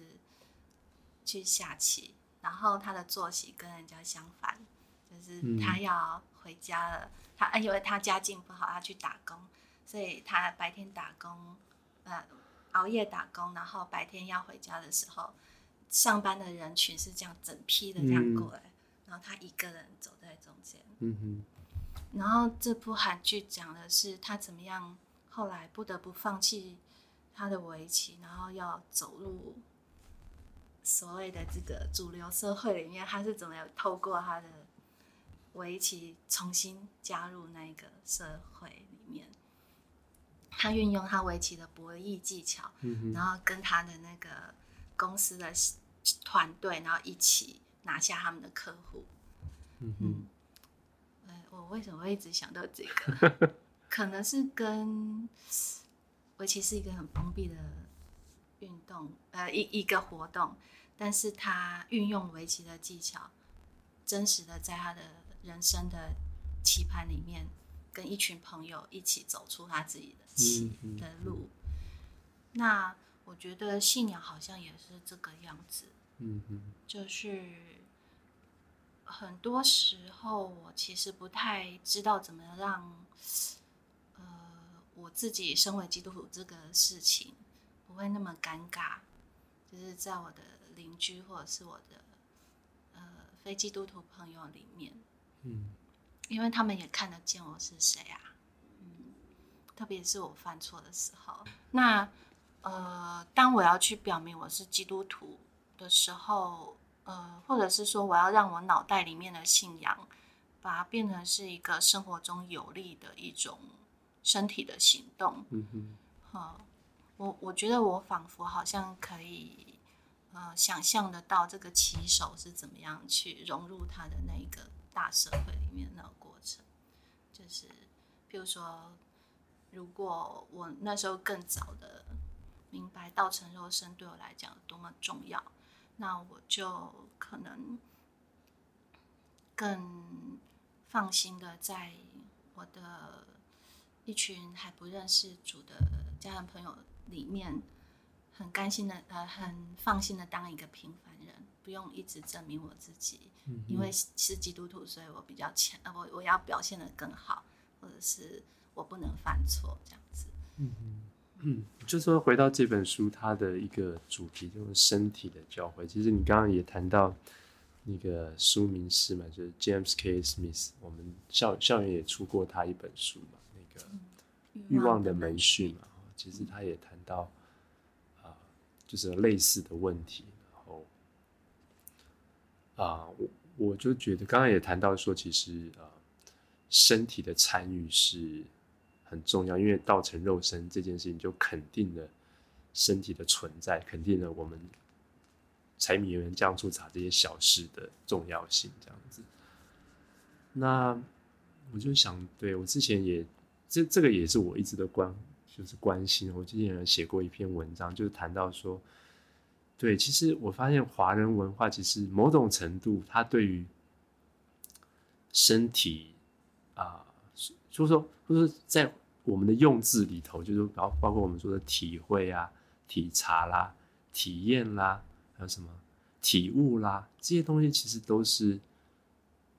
去下棋，然後他的作息跟人家相反。就是他要回家了，他、啊、因為他家境不好，他去打工，所以他白天打工，呃，熬夜打工，然後白天要回家的時候，上班的人群是這樣整批的這樣過來、嗯，然後他一個人走在中間。嗯嗯。然後這部韓劇講的是他怎麼樣後來不得不放棄他的圍棋，然後要走入所謂的這個主流社會裡面，他是怎麼透過他的。圍棋重新加入那個社會裡面，他運用他圍棋的博弈技巧，嗯，然後跟他的那個公司的團隊，然後一起拿下他們的客戶。嗯，嗯，我為什麼會一直想到這個？ *laughs* 可能是跟圍棋是一個很封閉的運動，呃，一一個活動，但是他運用圍棋的技巧，真實的在他的。人生的棋盤裡面，跟一群朋友一起走出他自己的棋 *noise* 的路。那我覺得信仰好像也是這個樣子。嗯嗯， *noise* 就是很多時候，我其實不太知道怎麼讓呃我自己身為基督徒這個事情不會那麼尷尬，就是在我的鄰居或者是我的呃非基督徒朋友裡面。嗯，因為他們也看得見我是誰啊，嗯，特別是我犯錯的時候，那，呃，當我要去表明我是基督徒的時候，呃，或者是說我要讓我腦袋裡面的信仰，把它變成是一個生活中有力的一種身體的行動，嗯好，呃，我我覺得我仿佛好像可以，呃，想象得到這個騎手是怎麼樣去融入他的那一個。大社會裡面的那個過程，就是，譬如說，如果我那時候更早的明白道成肉身對我來講有多麼重要，那我就可能更放心的在我的一群還不認識主的家人朋友裡面，很甘心的呃，很放心的當一個平凡人。不用一直證明我自己，嗯，因為是基督徒，所以我比較強，呃，我我要表現的更好，或者是我不能犯錯這樣子。嗯嗯就是說，回到這本書，它的一個主題就是身體的教會。其實你剛剛也談到那個書名師嘛，就是 James K. Smith，我們校校園也出過他一本書嘛，那個《慾望的門訓》嘛，其實他也談到，呃，就是類似的問題。啊、呃，我我就覺得，剛剛也談到說，其實呃身體的參與是很重要，因為道成肉身這件事情就肯定了身體的存在，肯定了我們柴米油鹽醬醋茶這些小事的重要性。這樣子，那我就想，對我之前也，這這個也是我一直的關，就是關心。我之前寫過一篇文章，就是談到說。對，其實我發現華人文化其實某種程度，它對於身體啊，就、呃、是說，說，就是在我們的用字裡頭，就是包包括我們說的體會啊、體察啦、體驗啦，還有什麼體悟啦，這些東西其實都是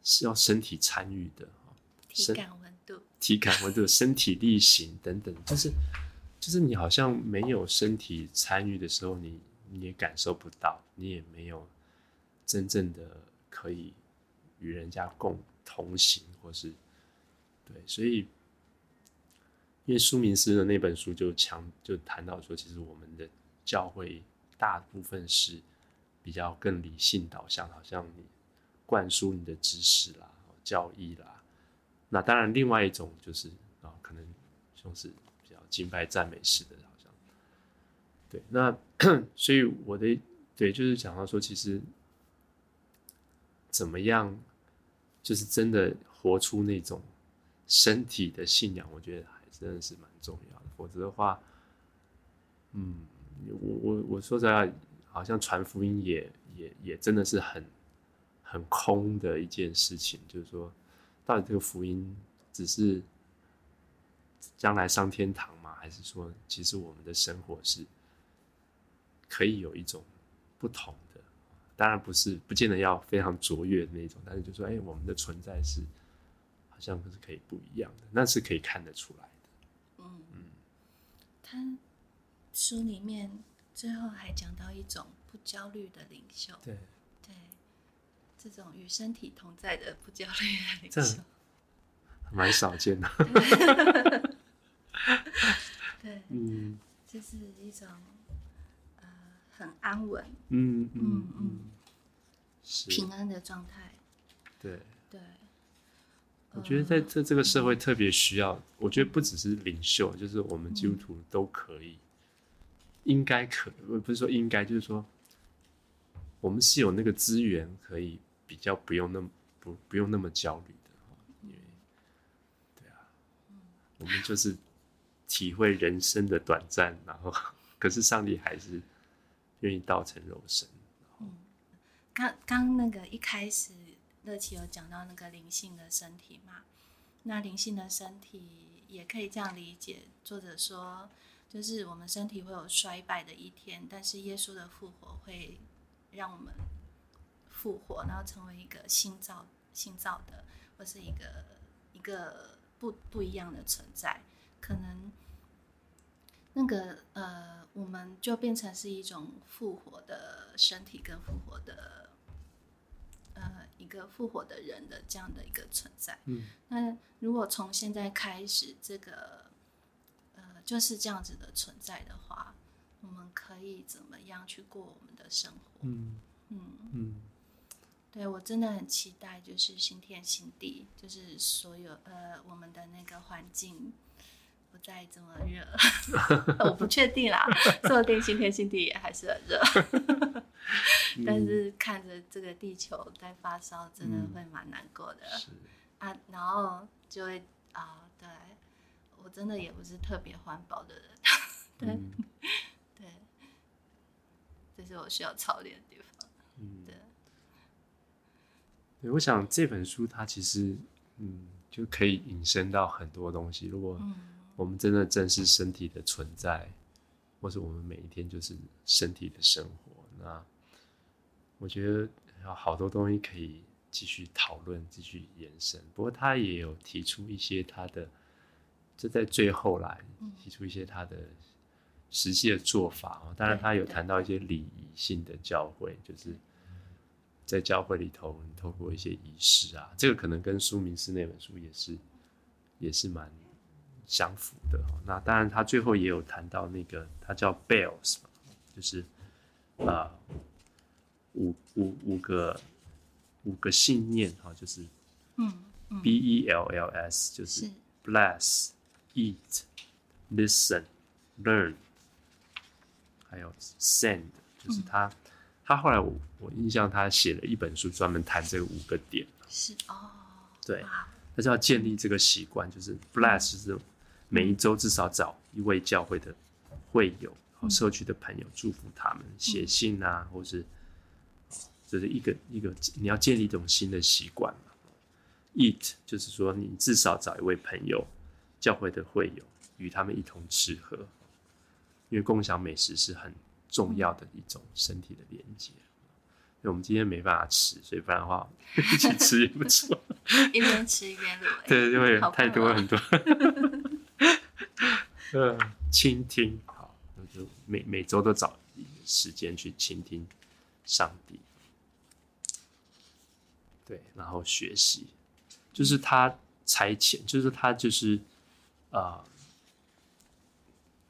是要身體參與的哈。體感溫度，體感溫度， *laughs* 身體力行等等，就是就是你好像沒有身體參與的時候，你。你也感受不到，你也沒有真正的可以與人家共同行，或是對，所以因為蘇明思的那本書就強就談到說，其實我們的教會大部分是比較更理性導向，好像你灌輸你的知識啦、教義啦。那當然，另外一種就是啊、呃，可能像是比較敬拜讚美式的，好像。對，那所以我的對就是講到說，其實怎麼樣，就是真的活出那種身體的信仰，我覺得還真的是蠻重要的。否則的話，嗯，我我我說實在，好像傳福音也也也真的是很很空的一件事情，就是說到底這個福音只是將來上天堂嗎？還是說其實我們的生活是？可以有一種不同的，當然不是不見得要非常卓越的那種，但是就是說，哎、欸，我們的存在是好像不是可以不一樣的，那是可以看得出來的。嗯嗯，他書裡面最後還講到一種不焦慮的領袖，對對，這種與身體同在的不焦慮的領袖，還蠻少見的 *laughs* 對，嗯 *laughs* 這、就是一種。很安穩，嗯嗯嗯，嗯，是平安的狀態。對對，我覺得在這這個社會特別需要、呃。我覺得不只是領袖，就是我們基督徒都可以，嗯、應該可，不是說應該，就是說，我們是有那個資源，可以比較不用那麼不不用那麼焦慮的，因為對啊、嗯，我們就是體會人生的短暫， *laughs* 然後可是上帝還是。願意倒成肉身。嗯，剛剛那個一開始樂琪有講到那個靈性的身體嘛，那靈性的身體也可以這樣理解。作者說，就是我們身體會有衰敗的一天，但是耶穌的復活會讓我們復活，然後成為一個新造、新造的，或是一個一個不不一樣的存在，可能。那個呃，我們就變成是一種復活的身體，跟復活的呃一個復活的人的這樣的一個存在。嗯，那如果從現在開始，這個呃就是這樣子的存在的話，我們可以怎麼樣去過我們的生活？嗯嗯嗯，對，我真的很期待，就是新天新地，就是所有呃我們的那個環境。再這麼熱， *laughs* 我不確定啦。說不定新天、新地也還是很熱。 *laughs* 但是看着這個地球在發燒，真的會蠻難過的。嗯、是啊，然後就會啊，對，我真的也不是特別環保的人。對、嗯，對，這是我需要操練的地方。嗯，對。對，我想這本書它其實，嗯，就可以引申到很多東西。如果、嗯我們真的正視身體的存在、嗯，或是我們每一天就是身體的生活。那我覺得有好多東西可以繼續討論、繼續延伸。不過他也有提出一些他的，就在最後來提出一些他的實際的做法、嗯、當然，他有談到一些禮儀性的教會，就是在教會裡頭你透過一些儀式啊。這個可能跟蘇明斯那本書也是，也是蠻。相符的。那當然，他最後也有談到那個，他叫 Bells，就是呃五五五個五個信念哈，就是嗯 B E L L S，、嗯嗯、就是 Bless, 是 Eat, Listen, Learn，還有 Send，就是他、嗯、他後來我我印象他寫了一本書專門談這個五個點，是哦，對，他就要建立這個習慣，就是 Bless 就是。每一週至少找一位教會的會友，或社區的朋友祝福他們，寫信啊，嗯、或是，就是一個一個，你要建立一種新的習慣嘛。Eat 就是說，你至少找一位朋友，教會的會友，與他們一同吃喝，因為共享美食是很重要的一種身體的連接。因為我們今天沒辦法吃，所以不然的話，一起吃也不錯。 *laughs* 一邊吃一邊錄， *laughs* 對，因為太多、哦、很多。 *laughs* 呃、嗯，傾聽好，那就每每周都找一點時間去傾聽上帝。對，然後學習，就是他才前，就是他就是啊、呃，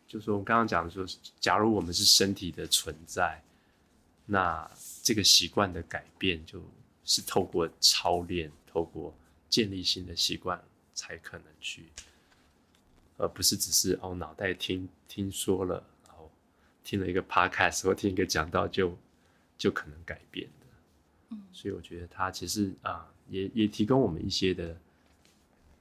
就是我們剛剛講的，說假如我們是身體的存在，那這個習慣的改變，就是透過操練，透過建立新的習慣，才可能去。而不是只是哦，腦袋聽聽說了，然後聽了一個 podcast 或聽一個講道就就可能改變的。嗯，所以我覺得他其實啊、呃，也也提供我們一些的、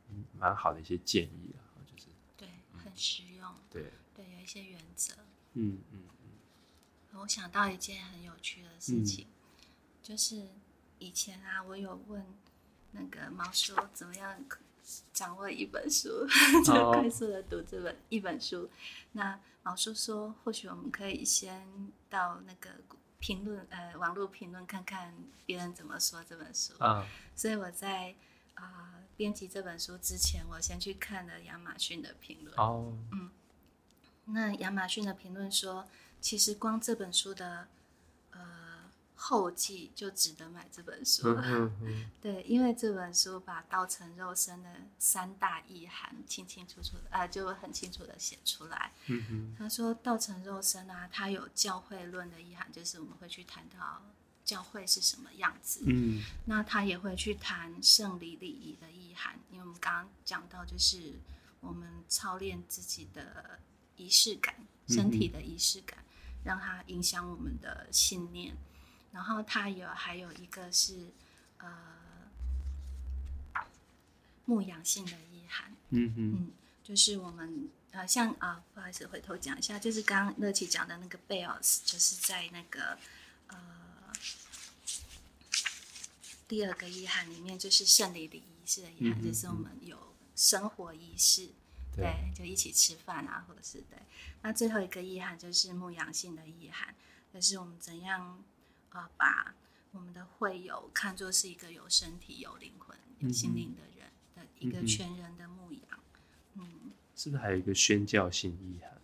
嗯、蠻好的一些建議啊，就是對、嗯，很實用。對對，有一些原則。嗯嗯嗯。我想到一件很有趣的事情、嗯，就是以前啊，我有問那個毛叔怎麼樣。掌握一本書，oh. *laughs* 就快速的讀這本一本書。那毛叔說，或許我們可以先到那個評論，呃，網絡評論看看別人怎麼說這本書。啊、uh.，所以我在啊、呃、編輯這本書之前，我先去看了亞馬遜的評論。哦、oh.，嗯，那亞馬遜的評論說，其實光這本書的。後繼就值得買這本書了。啊，對，因為這本書把道成肉身的三大意涵清清楚楚的，啊、呃，就很清楚的寫出來。他、嗯、說道成肉身啊，他有教會論的意涵，就是我們會去談到教會是什麼樣子。嗯，那他也會去談聖禮禮儀的意涵，因為我們剛剛講到，就是我們操練自己的儀式感，身體的儀式感，嗯、讓它影響我們的信念。然後他有還有一個是，呃，牧羊性的意涵。嗯嗯，就是我們呃，像啊，不好意思，回頭講一下，就是剛剛樂琪講的那個貝爾斯，就是在那個呃，第二個意涵裡面，就是聖禮儀式的意涵，嗯，就是我們有生活儀式，嗯對，對，就一起吃飯啊，或者是對。那最後一個意涵就是牧羊性的意涵，就是我們怎樣。啊，把我們的會友看作是一個有身體、有靈魂、有心靈的人嗯嗯的一個全人的牧養嗯嗯。嗯，是不是還有一個宣教性意涵？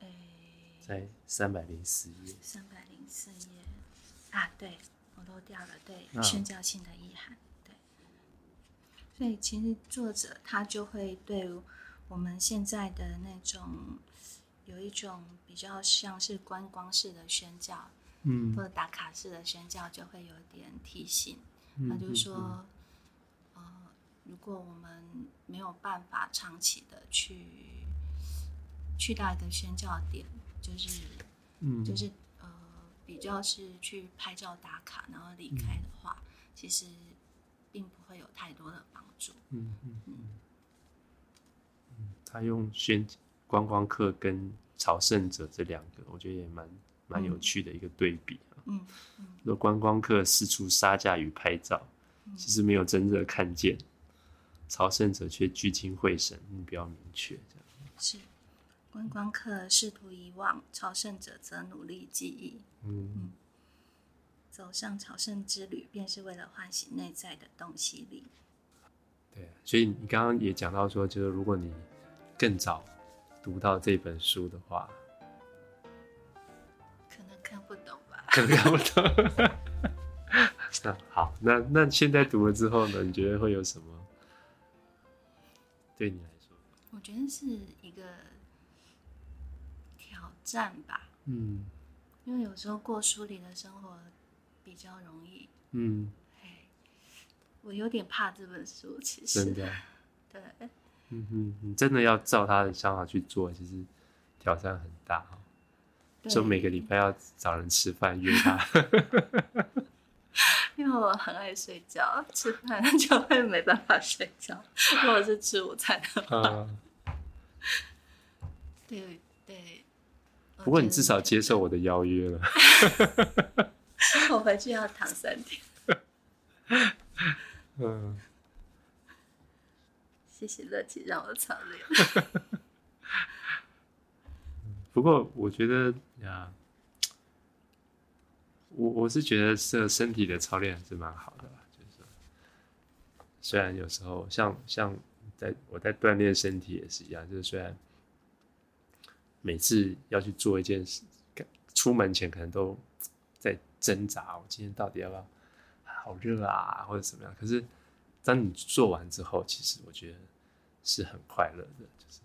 哎、欸，在三百零四頁，三百零四頁啊，對，我漏掉了，對、啊，宣教性的意涵，對，所以其實作者他就會對我們現在的那種有一種比較像是觀光式的宣教。嗯，或者打卡式的宣教，就會有點提醒，他、嗯嗯嗯、就是、說、呃，如果我們沒有辦法長期的去去到一個宣教點，就是，嗯，就是呃，比較是去拍照打卡，然後離開的話，嗯、其實，並不會有太多的幫助。嗯嗯嗯。他用宣觀光客跟朝聖者這兩個，我覺得也蠻。蠻有趣的一個對比嗯，那、嗯、觀光客四處殺價與拍照、嗯，其實沒有真正的看見；朝聖者卻聚精會神，目標明確，這是。觀光客試圖遺忘，朝聖者則努力記憶。嗯嗯，走上朝聖之旅，便是為了喚醒內在的洞悉力。對，所以你剛剛也講到說，就是如果你更早讀到這本書的話。看不懂吧？可能看不懂。那好，那那現在讀了之後呢？你覺得會有什麼？對你來說，我覺得是一個挑戰吧。嗯，因為有時候過書裡的生活比較容易。嗯。哎，我有點怕這本書，其實。真的。對。嗯哼，你真的要照他的想法去做，其實挑戰很大哦。就每個禮拜要找人吃飯，約他， *laughs* 因為我很愛睡覺，吃飯就會沒辦法睡覺。如果是吃午餐的話，啊、對對。不過你至少接受我的邀約了。 *laughs* *laughs* 我回去要躺三天。嗯，謝謝樂琪讓我躺這 *laughs* 不過我覺得，呀、啊，我我是覺得這身體的操練還是蠻好的，就是雖然有時候像像在我在鍛鍊身體也是一樣，就是雖然每次要去做一件事，出門前可能都在掙扎，我今天到底要不要？好熱啊，或者怎麼樣？可是當你做完之後，其實我覺得是很快樂的，就是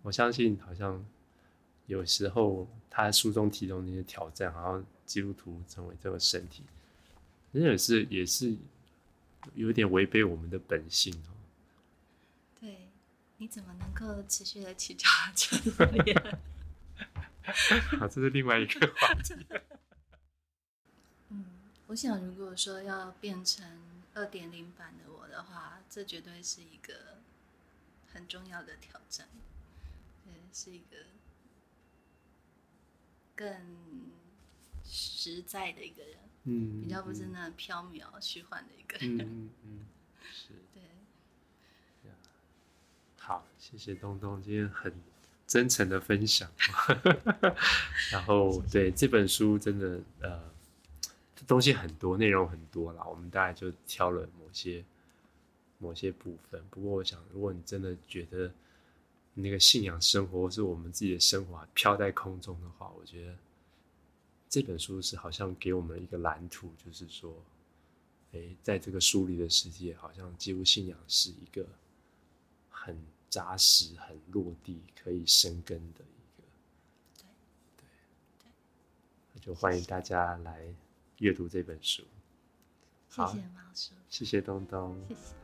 我相信好像。有時候他書中提到那些挑戰，好像基督徒成為這個身體，那也是也是有點違背我們的本性哦、喔。對，你怎麼能夠持續的去教教？好，這是另外一個話題。 *laughs* *laughs* 嗯、我想如果說要變成二點零版的我的話，這絕對是一個很重要的挑戰。嗯，是一個。更實在的一個人，嗯，嗯，比較不是那個縹緲虛幻的一個人，嗯嗯，是。對。Yeah. 好，謝謝東東今天很真誠的分享， *laughs* *laughs* 然後，謝謝。對，這本書真的，呃，這東西很多，內容很多啦，我們大概就挑了某些某些部分。不過我想，如果你真的覺得。那個信仰生活，或是我們自己的生活，飄在空中的話，我覺得這本書是好像給我們一個藍圖，就是說，誒、欸，在這個疏離的世界，好像基督信仰是一個很扎實、很落地、可以生根的一個。對對，對那就歡迎大家來閱讀這本書。謝謝。好，好，謝謝東東，謝謝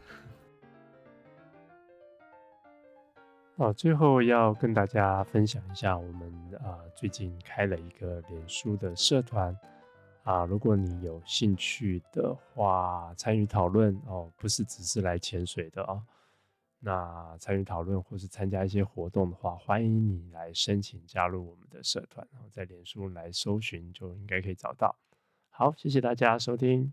好、哦，最後要跟大家分享一下，我們啊、呃、最近開了一個臉書的社團啊、呃，如果你有興趣的話，參與討論哦，不是只是來潛水的哦。那參與討論或是參加一些活動的話，歡迎你來申請加入我們的社團，然後在臉書來搜尋就應該可以找到。好，謝謝大家收聽。